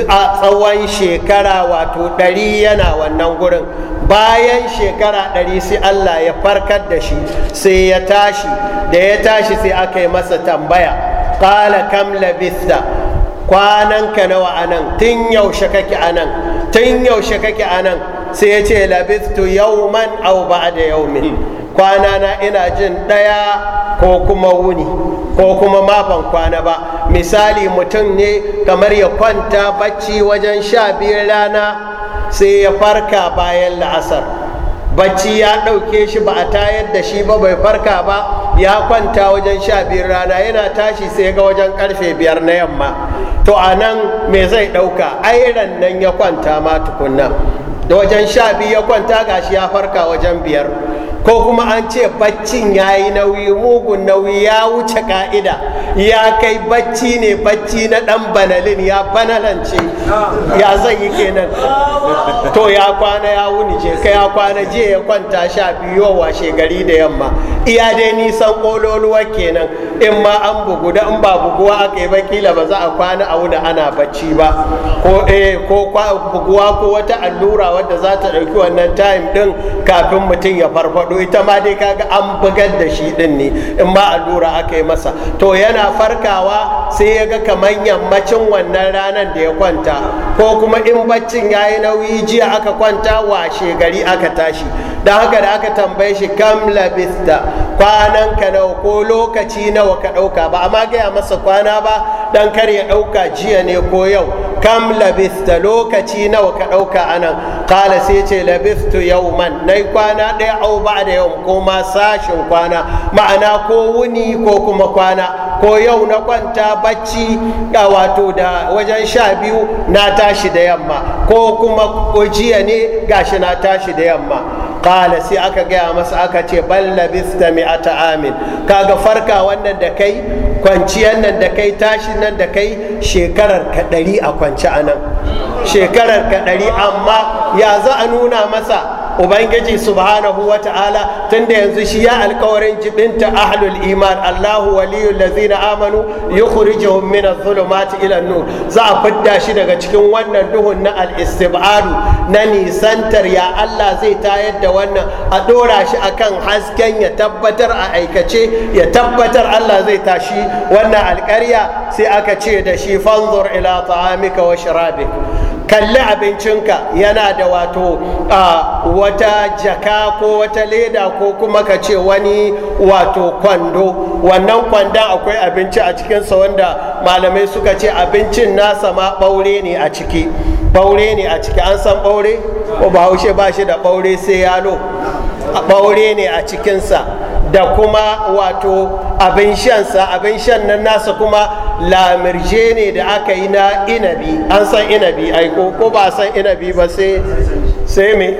a tsawon shekara wato ɗari yana wannan gurin bayan shekara ɗari sai Allah ya farkar da shi sai ya tashi da ya tashi sai aka yi masa tambaya ƙala kam labista ka nawa anan tun yaushe kake anan tun yaushe kake anan sai ya ce labistu yawman aw da yawmin kwana na ina jin ɗaya ko kuma wuni ko kuma mafan kwana ba misali mutum ne kamar ya kwanta bacci wajen sha biyar rana sai ya farka bayan la'asar bacci ya ɗauke shi ba a tayar da shi ba bai farka ba ya kwanta wajen sha biyar rana yana tashi sai ga wajen karfe biyar na yamma to a nan me zai ɗauka airan nan ya kwanta ma tukunna da wajen sha biyu ya kwanta gashi ya farka wajen biyar ko kuma an ce baccin ya yi nauyi mugun nauyi ya wuce ka'ida ya kai bacci ne bacci na dan banalin ya banalance ya zan yi kenan to ya kwana ya wuni je ka ya kwana je ya kwanta sha biyu washe gari da yamma iya dai nisan kololuwa kenan in ma an bugu da in ba buguwa aka yi ba kila ba za a kwana a wuni ana bacci ba ko eh ko buguwa ko wata allura wadda za ta ɗauki wannan time ɗin kafin mutum ya farfado ita ma dai kaga an bugar da shi ɗin ne in ma allura aka yi masa to yana farkawa sai ya ga kamar yammacin wannan ranar da ya kwanta ko kuma in baccin ya yi nauyi jiya aka kwanta washe gari aka tashi don haka da aka tambaye shi kam labista kwanan ka nawa ko lokaci nawa ka ɗauka ba amma gaya masa kwana ba dan kar ya ɗauka jiya ne ko yau kam labista lokaci nawa ka ɗauka anan kala sai ce labistu man na kwana ɗaya au ba da yau ko ma sashin kwana ma'ana ko wuni ko kuma kwana ko yau na kwanta bacci ga wato da wajen sha biyu na tashi da yamma ko kuma jiya ne gashi na tashi da yamma kala sai aka gaya masa aka ce bal labista mi'ata amin kaga farka wannan da kai kwanciyar nan da kai tashin nan da kai shekarar ka ɗari a kwanci a nan shekarar ka ɗari amma ya za a nuna masa ubangiji subhanahu wa ta'ala tunda yanzu shi ya alkawarin jibinta ahlul iman allahu waliyul ladzina amanu yukhrijuhum min adh-dhulumati ila an-nur za a fidda shi daga cikin wannan duhun na al na nisantar ya Allah zai tayar da wannan a dora shi akan hasken ya tabbatar a aikace ya tabbatar Allah zai tashi wannan alƙarya sai aka ce da shi fanzur ila ta'amika wa sharabik kalli abincinka yana da wato wata jaka ko wata leda ko kuma ka ce wani wato kwando wannan kwandon akwai abinci a cikinsa wanda malamai suka ce abincin nasa ma ɓaure ne a ciki ɓaure ne a ciki an san ɓaure ko haushe ba shi da ɓaure sai yalo ɓaure ne a cikinsa da kuma wato abin shansa abin shan nan nasa kuma lamirje ne da aka yi na inabi an san inabi aiko ko ba san inabi ba sai sai me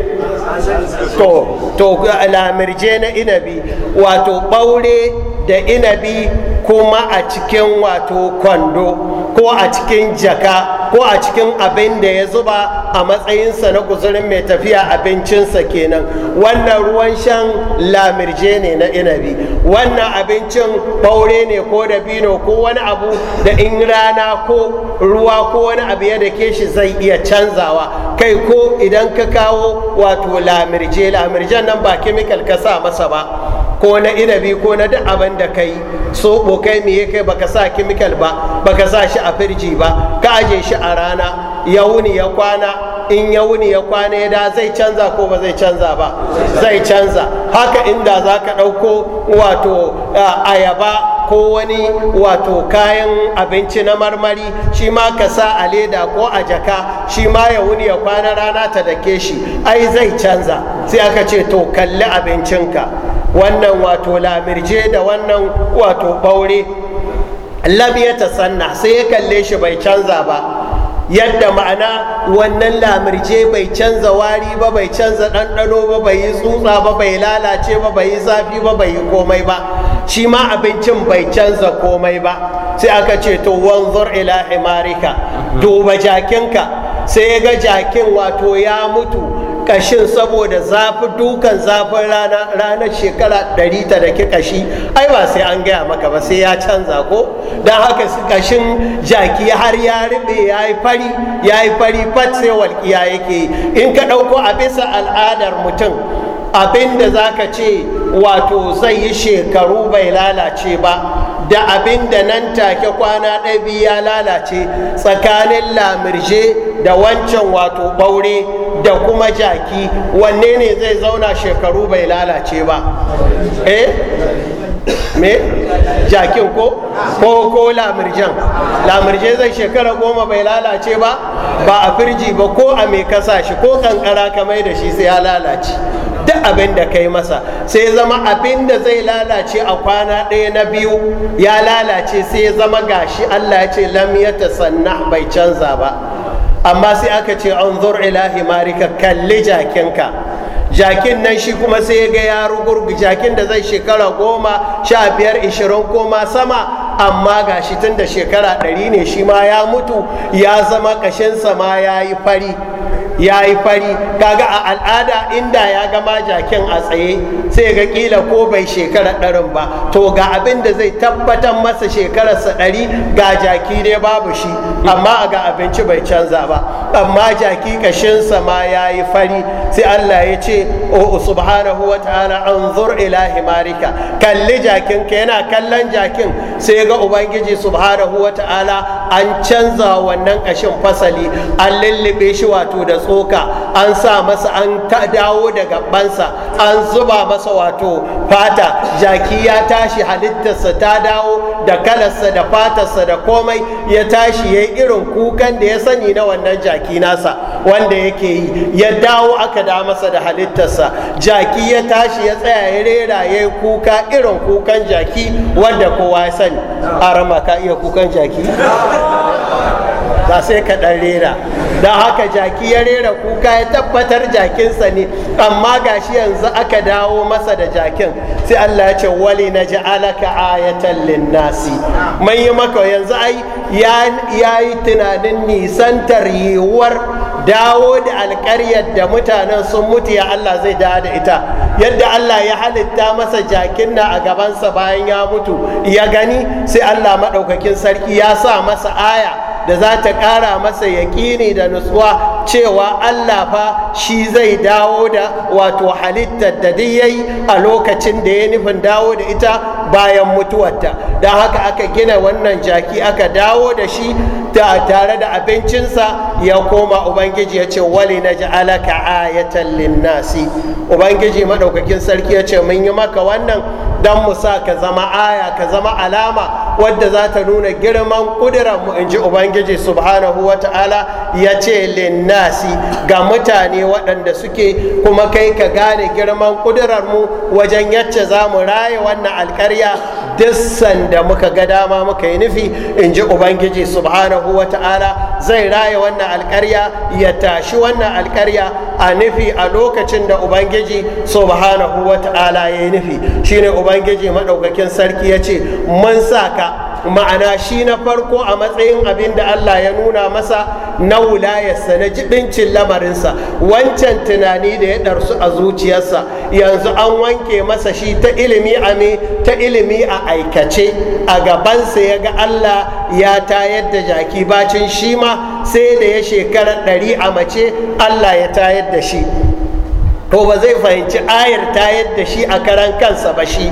to to lamirje na inabi wato ɓaure da inabi kuma a cikin wato kwando ko a cikin jaka ko a cikin abin da ya zuba a matsayinsa na guzurin mai tafiya abincinsa kenan wannan ruwan shan lamirje ne na inabi wannan abincin ɓaure ne ko da bino ko wani abu da in rana ko ruwa ko wani abu ya dake shi zai iya canzawa kai ko idan ka kawo wato lamirje lamirjen nan ba kemikal ka sa masa ba ko na inabi ko na duk abin da kai soɓo kai me ya kai baka sa kimikal ba baka sa shi a firji ba ka aje shi a rana ya wuni ya kwana in ya wuni ya kwana ya da zai canza ko ba zai canza ba zai canza haka inda za ka ɗauko wato ayaba ko wani wato kayan abinci na marmari shi ma ka sa a leda ko a jaka shi ma ya wuni ya kwana rana ta dake shi ai zai canza sai aka ce to kalli abincinka wannan wato lamirje da wannan wato baure lam ya tasanna sai ya kalle shi bai canza ba yadda ma'ana wannan lamirje bai canza wari ba bai canza ɗanɗano ba bai yi tsutsa ba bai lalace ba bai yi zafi ba bai yi komai ba shi ma abincin bai canza komai ba sai aka ce to wanzur ila himarika duba jakinka sai ya ga jakin wato ya mutu kashin saboda zafi dukan zafin rana ranar shekara 100 ta da ke kashi ai ba sai an gaya maka ba sai ya canza ko don haka su kashin jaki har ya rube ya yi fari ya yi fari fat sai walƙiya yake in ka ɗauko a bisa al'adar mutum abin da za ka ce wato zai yi shekaru bai lalace ba da abin da nan take kwana ɗabi ya lalace tsakanin lamirje da wancan wato ɓaure da kuma jaki wanne ne zai zauna shekaru bai lalace ba eh me jakin ko ko ko lamirjan lamirje zai shekara goma bai lalace ba ba a firji ba ko a mai kasa shi ko kankara ka mai da shi sai ya lalace duk abin da kai masa sai zama abin da zai lalace a kwana ɗaya na biyu ya lalace sai zama gashi allah ya ce lam ya sanna bai canza ba amma sai aka ce an zur ilahi marika kalli jakin ka. jakin nan shi kuma sai ya ga ya rugurgu jakin da zai shekara goma sha biyar ishirin koma sama amma ga shi tun da shekara ɗari ne shi ma ya mutu ya zama ƙashinsa ma ya yi fari ya yi fari kaga a al'ada inda ya gama jakin a tsaye sai ga kila ko bai shekara ɗarin ba to ga abin da zai tabbatar masa shekararsa ɗari ga jaki ne babu shi amma ga abinci bai canza ba amma jaki kashinsa ma ya yi fari sai allah ya ce o subhanahu wa ta'ala an zur ila himarika kalli ka yana kallon jakin sai ga ubangiji subhanahu wa ta'ala an canza wannan kashin fasali an lullube shi wato da su. tsoka an sa masa an ta dawo da gabansa an zuba masa wato fata jaki ya tashi halittarsa ta dawo da kalarsa da fatarsa da komai ya tashi ya yi irin kukan da ya sani na wannan jaki nasa wanda yake yi ya dawo aka da masa da halittarsa jaki ya tashi ya tsaya ya rera ya yi kuka irin kukan jaki wanda kowa ya sani a rama ka iya kukan jaki ba sai ka dan rera don haka jaki ya rera kuka ya tabbatar jakinsa ne amma gashi yanzu aka dawo masa da jakin sai Allah ya ce wali na alaka ayatan linnasi mun yi maka yanzu ai ya yi tunanin nisantar yiwuwar dawo da alkaryar da mutanen sun mutu ya Allah zai dawo da ita yadda Allah ya halitta masa jakin na a gabansa bayan ya mutu ya gani sai Allah maɗaukakin sarki ya sa masa aya da za ta ƙara masa yaƙini da nutsuwa cewa Allah fa shi zai dawo da wato halittar da duk yayi a lokacin da ya nufin dawo da ita bayan mutuwarta don haka aka gina wannan jaki aka dawo da shi ta tare da abincinsa ya koma ubangiji ya ce wali na ji alaka ayatan linnasi ubangiji maɗaukakin sarki ya ce mun yi maka wannan don mu sa ka zama aya ka zama alama wadda za ta nuna girman kudiran mu in ji ubangiji subhanahu wa ta'ala ya ce linnasi ga mutane waɗanda suke kuma kai ka gane girman kudirar mu wajen yacce za mu raye wannan alkarya dissan da muka ga dama muka yi nufi in ji ubangiji subhanahu wa ta'ala zai raye wannan alkarya ya tashi wannan alkarya a nufi a lokacin da ubangiji subhanahu wa ta'ala ya yi nufi shine ubangiji maɗaukakin sarki ya ce mun sa ka ma'ana shi na farko a matsayin abin da Allah ya nuna masa na wulayarsa na jibincin lamarinsa wancan tunani da ya ɗarsu a zuciyarsa yanzu an wanke masa shi ta ilimi a me ta ilimi a aikace a gabansa ya ga Allah ya tayar da jaki bacin shi ma sai da ya shekarar ɗari a mace Allah ya tayar da shi to ba zai fahimci ayar ta yadda shi a karan kansa ba shi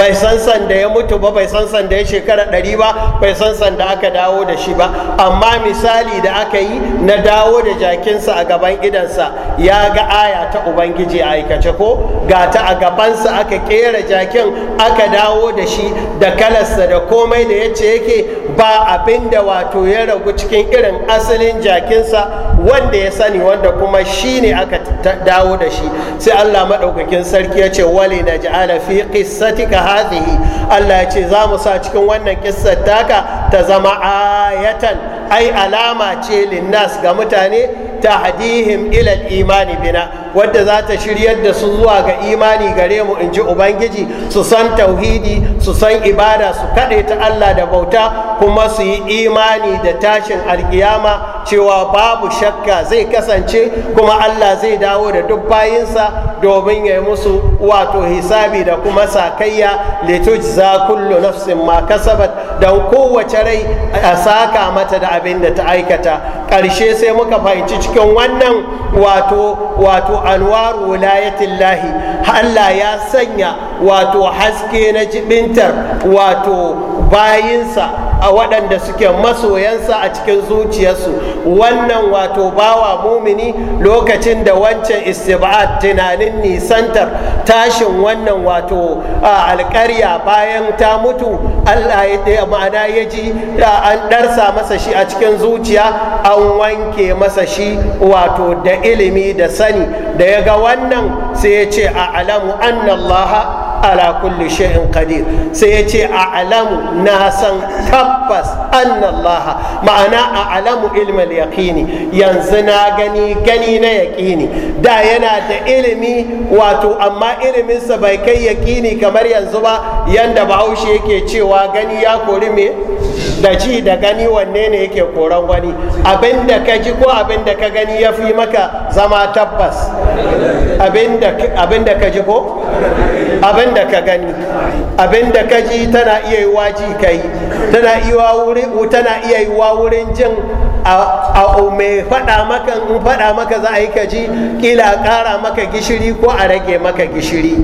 bai san sanda ya mutu ba bai san sanda ya shekara ɗari ba bai san sanda aka dawo da shi ba amma misali da aka yi na dawo da jakinsa a gaban idansa ya ga aya ta ubangiji a aikace ko ga ta a gabansa aka kera jakin aka dawo da shi da kalarsa da komai da ya ce yake ba abin da wato ya ragu cikin irin asalin jakinsa wanda ya sani wanda kuma shi ne aka dawo da shi sai Allah madaukakin sarki ya ce wali ala fi qissatika hadhihi Allah ya ce za mu sa cikin wannan kissar taka ta zama ayatan ai alama ce linnas ga mutane tahdihim ila imani bina wadda za ta shiryar da su zuwa ga imani gare mu in ji ubangiji su san tauhidi su san ibada su kaɗe ta allah da bauta kuma su yi imani da tashin alkiyama cewa babu shakka zai kasance kuma allah zai dawo da duk bayinsa domin ya yi musu wato hisabi da kuma sakayya za kullu nafsin ma kasabat don kowace rai a saka mata da abin da ta aikata ƙarshe sai muka fahimci cikin wannan wato wato anwaru lahi Allah ya sanya wato haske na jibintar wato bayinsa a waɗanda suke masoyansa a cikin zuciyarsu wannan wato bawa mumini lokacin da wancan istibat tunanin nisantar tashin wannan wato alƙarya bayan ta mutu allah ya ma'ana ya ji an ɗarsa masa shi a cikin zuciya an wanke masa shi wato da ilimi da sani da ya ga wannan sai ya ce a alamu annallaha ala kulli shay'in qadir sai yace a a'lamu na san tabbas annallaha ma'ana a'lamu al yaqini yanzu na gani gani na yaqini da yana da ilimi wato amma iliminsa bai kai yaqini kamar yanzu ba yanda bahaushe yake cewa gani ya kori me da ji da gani wanne ne yake koran wani abinda ka ji ko abinda ka gani ya fi maka zama tabbas abinda ka ji ko abinda abin da ka gani abin da ka ji tana iya yi waji ka yi tana iya wuri tana iya yiwa wurin jin a mai faɗa maka in faɗa maka za a yi kaji kila a ƙara maka gishiri ko a rage maka gishiri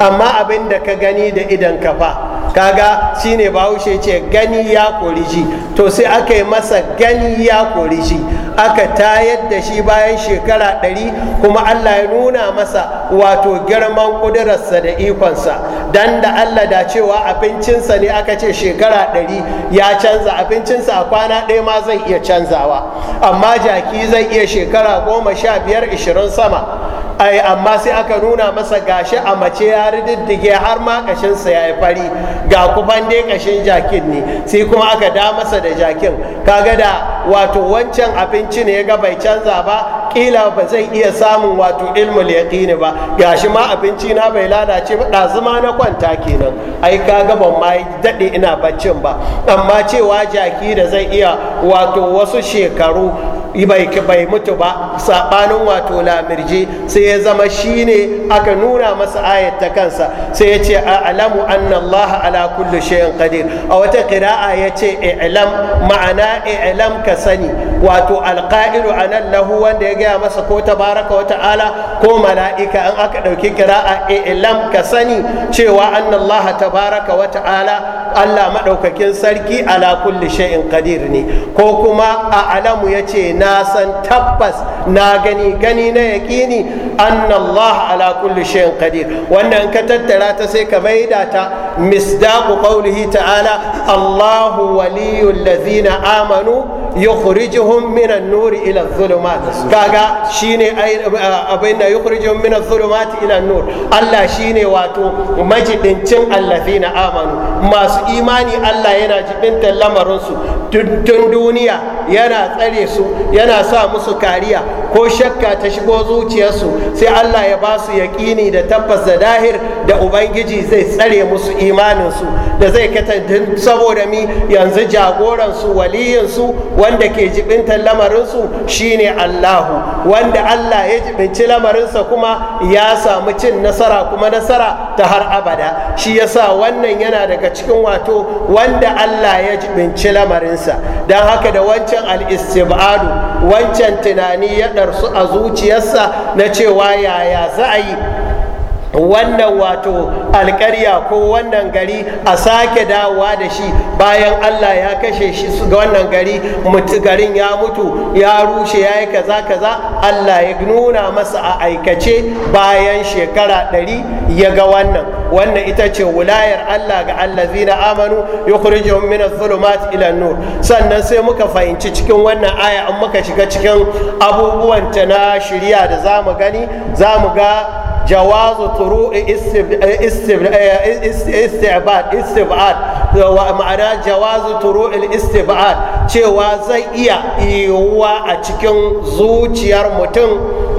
amma abin da ka gani da idan ka fa kaga shine bahaushe ce gani ya kori shi to sai aka yi masa gani ya kori shi aka tayar da shi bayan shekara ɗari kuma allah ya nuna masa wato girman ƙudurarsa da ikonsa don da allah da cewa abincinsa ne aka ce shekara ɗari jaki ya canza abincinsa a kwana ɗaya ma zai iya canzawa amma jaki zai iya shekara goma sha biyar ishirin sama ai amma sai aka nuna masa gashi a mace ya rididdige har ma kashinsa ya yi fari ga kufan dai kashin jakin ne sai kuma aka da masa da jakin kaga da wato wancan abinci ne ya ga bai canza ba kila ba zai iya samun wato ilmul yaqini ba gashi ma abinci na bai lalace ba ɗazuma na kwanta kenan ai ka ga ban ma daɗe ina baccin ba amma cewa jaki da zai iya wato wasu shekaru bai mutu ba saɓanin wato lamirji sai ya zama shi ne aka nuna masa ayat ta kansa sai ya ce a'lamu annallaha ala shay'in qadir a wata qira'a ya ce i'lam ma'ana i'lam ka sani wato a anan lahu wanda ya gaya masa ko tabaraka wa ta'ala ko mala'ika an aka ɗauki qira'a i'lam ka sani cewa annallaha tabaraka wa ta'ala Allah madaukakin sarki ala kulli shay'in qadir ne ko kuma a'lamu yace na na san tabbas na gani gani na yaƙini annallah ala kulli shayin qadir wannan ka tattara ta sai ka maida ta misdaqu qawlihi ta'ala allahu waliyul ladzina amanu yukhrijuhum minan nuri ila dhulumat kaga shine abin da yukhrijuhum minan dhulumat ila nur Allah shine wato majidincin allazina amanu masu imani Allah yana jibinta lamarin su duniya yana tsare su yana sa musu kariya ko shakka ta shigo zuciyarsu sai Allah ya ba su yaƙini da tabbas da dahir da ubangiji zai tsare musu imaninsu da zai kata saboda mi yanzu jagoransu waliyinsu wanda ke jibintar lamarinsu shine Allahu wanda Allah ya jibinci lamarinsa kuma ya samu cin nasara kuma nasara ta har abada shi yasa wannan yana daga cikin wato wanda Allah ya jibinci lamarinsa don haka da wancan wancan al'istibadu wancan tunani ya ɗarsu a zuciyarsa na cewa yaya za a yi wannan wato alkarya ko wannan gari a sake dawowa da shi bayan allah ya kashe shi ga wannan gari mutu garin ya mutu ya rushe ya yi kaza kaza allah ya nuna masa a aikace bayan shekara ɗari ya ga wannan wannan ita ce wulayar allah ga zina amanu yukhrijuhum min adh ila nur sannan sai muka fahimci cikin wannan aya an muka shiga cikin abubuwan ta na shirya da zamu gani zamu ga jawazu turu'i istibad istibad ma'ana jawazu turu'il istibad cewa zai iya yiwuwa a cikin zuciyar mutum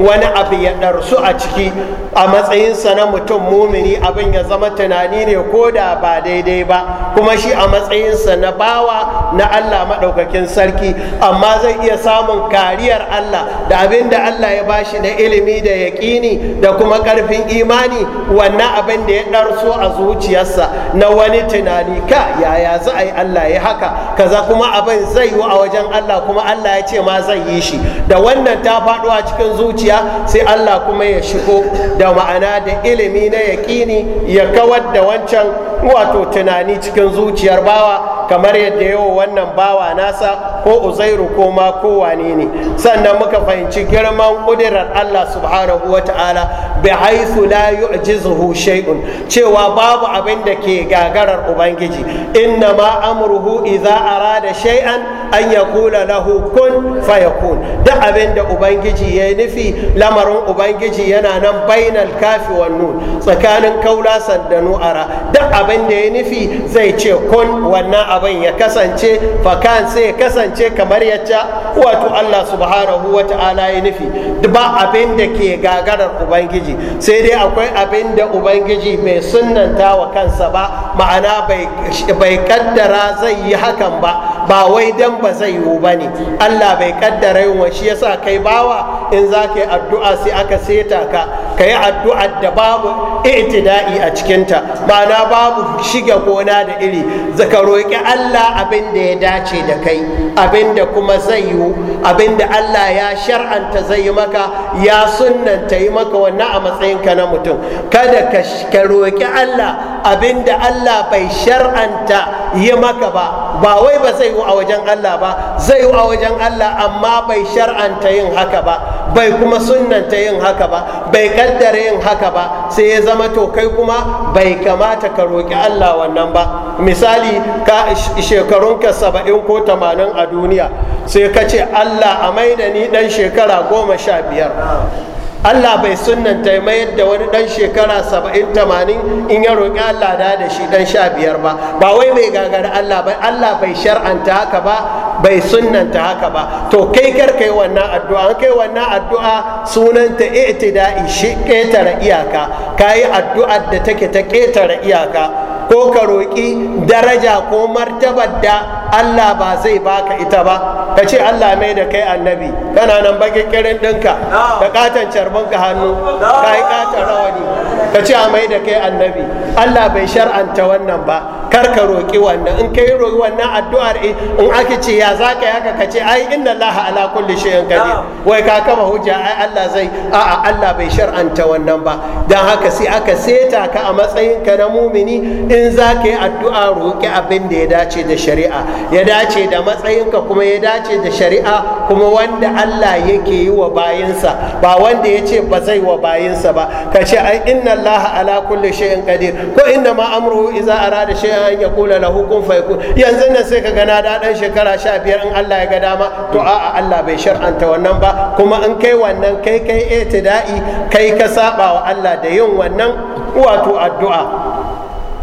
wani abu ya ɗarsu a ciki a matsayinsa na mutum mumini abin ya zama tunani ne ko da ba daidai ba kuma shi a matsayinsa na bawa na allah maɗaukakin sarki amma zai iya samun kariyar allah da abinda allah ya bashi da ilimi da yaƙini da kuma ƙarfin imani wannan abin da ya ɗarso a zuciyarsa na wani tunani ka yaya za a yi Allah ya haka kaza kuma abin zai yi a wajen Allah kuma Allah ya ce ma zai yi shi da wannan ta faɗo a cikin zuciya sai Allah kuma ya shigo da ma'ana da ilimi na yaƙini ya kawar da wancan wato tunani cikin zuciyar bawa kamar yadda yawa wannan bawa nasa ko uzairu ko ma ko ne sannan muka fahimci girman ƙudirar Allah subhanahu wa ta'ala bi haithu la yu'jizuhu shay'un cewa babu abin da ke gagarar ubangiji inna ma amruhu idza arada shay'an an yakula lahu kun fayakun duk abin da ubangiji ya nufi lamarin ubangiji yana nan bainal kafi wan nun tsakanin kaulasan da nu'ara duk abin da ya nufi zai ce kun wannan abin ya kasance fakan sai ya kasance kasance kamar yacca wato Allah subhanahu wa ta'ala ya nufi ba abin da ke gagarar ubangiji sai dai akwai abin da ubangiji mai sunnanta wa kansa ba ma'ana bai kaddara zai yi hakan ba ba wai dan ba zai yiwu ba ne allah bai kaddara yin wa shi ya sa kai bawa in za ka yi addu'a sai aka seta ka ka yi addu'ar da babu itida'i a cikinta ma'ana babu shiga gona da iri ka roƙi allah abin da ya dace da kai abin da kuma zai yiwu abin da allah ya shar'anta zai yi maka ya sunnanta yi maka wannan a matsayin ka na mutum kada ka roƙi allah abin da allah bai shar'anta yi maka ba ba wai ba zai yi a wajen Allah ba zai a wajen Allah amma bai shar'anta yin haka ba bai kuma sunnanta yin haka ba bai kaddara yin haka ba sai ya zama to kai kuma bai kamata ka roƙi Allah wannan ba misali ka shekarunka saba'in ko tamanin a duniya sai ka ce Allah a maida ni dan shekara goma sha biyar Allah bai sunanta mayar da wani dan shekara saba'in tamanin in ya roƙi Allah da da shi dan sha biyar ba ba wai mai gagari Allah ba Allah bai shar'anta haka ba bai sunnanta haka ba to kai kar kai wannan addu'a an kai wannan addu'a sunanta i'tida'i shi ƙetare iyaka kayi addu'a da take ta ƙetare iyaka ko ka roƙi daraja ko martabar da Allah ba zai baka ita ba ka ce Allah mai da kai annabi kana nan bakikirin ɗinka da katon ka hannu ka yi katon rawani ka ce a mai da kai annabi Allah bai shar'anta wannan ba kar ka roƙi wannan in yi roƙi wannan addu'ar eh, in aka ce ya za ka haka ka ce ai inna laha ala kulli shay'in qadir wai ka kama hujja ai Allah zai a'a Allah bai shar'anta wannan ba dan haka sai aka seta ka a matsayin ka na mumini in za ka yi addu'a roƙi abin da ya dace da shari'a ya dace da matsayinka kuma ya dace da shari'a kuma wanda Allah yake yi wa bayinsa ba wanda ya ce ba zai wa bayinsa ba ka ce ai inna Allah ala kulli shay'in qadir ko inna ma amruhu idza arada shay'an an yaqula lahu kun fayakun yanzu nan sai ka ga na da shekara 15 in Allah ya ga dama to a'a Allah bai shar'anta wannan ba kuma in kai wannan kai kai itida'i kai ka saba wa Allah da yin wannan wato addu'a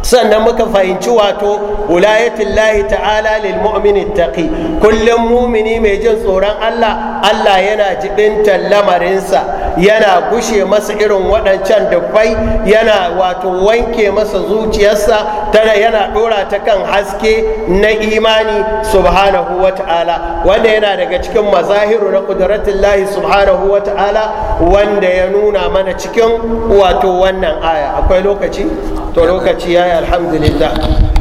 sannan muka fahimci wato wulayatin lahi ta'ala lil mu'minin taqi kullum mumini mai jin tsoron Allah Allah yana jibinta lamarinsa yana gushe masa irin waɗancan dubbai yana wato wanke masa zuciyarsa tana yana ɗora ta kan haske na imani subhanahu wa ta'ala wanda yana daga cikin mazahiru na ƙuduratin lahi subhanahu wa ta'ala wanda ya nuna mana cikin wato wannan aya akwai lokaci to lokaci ya الحمد لله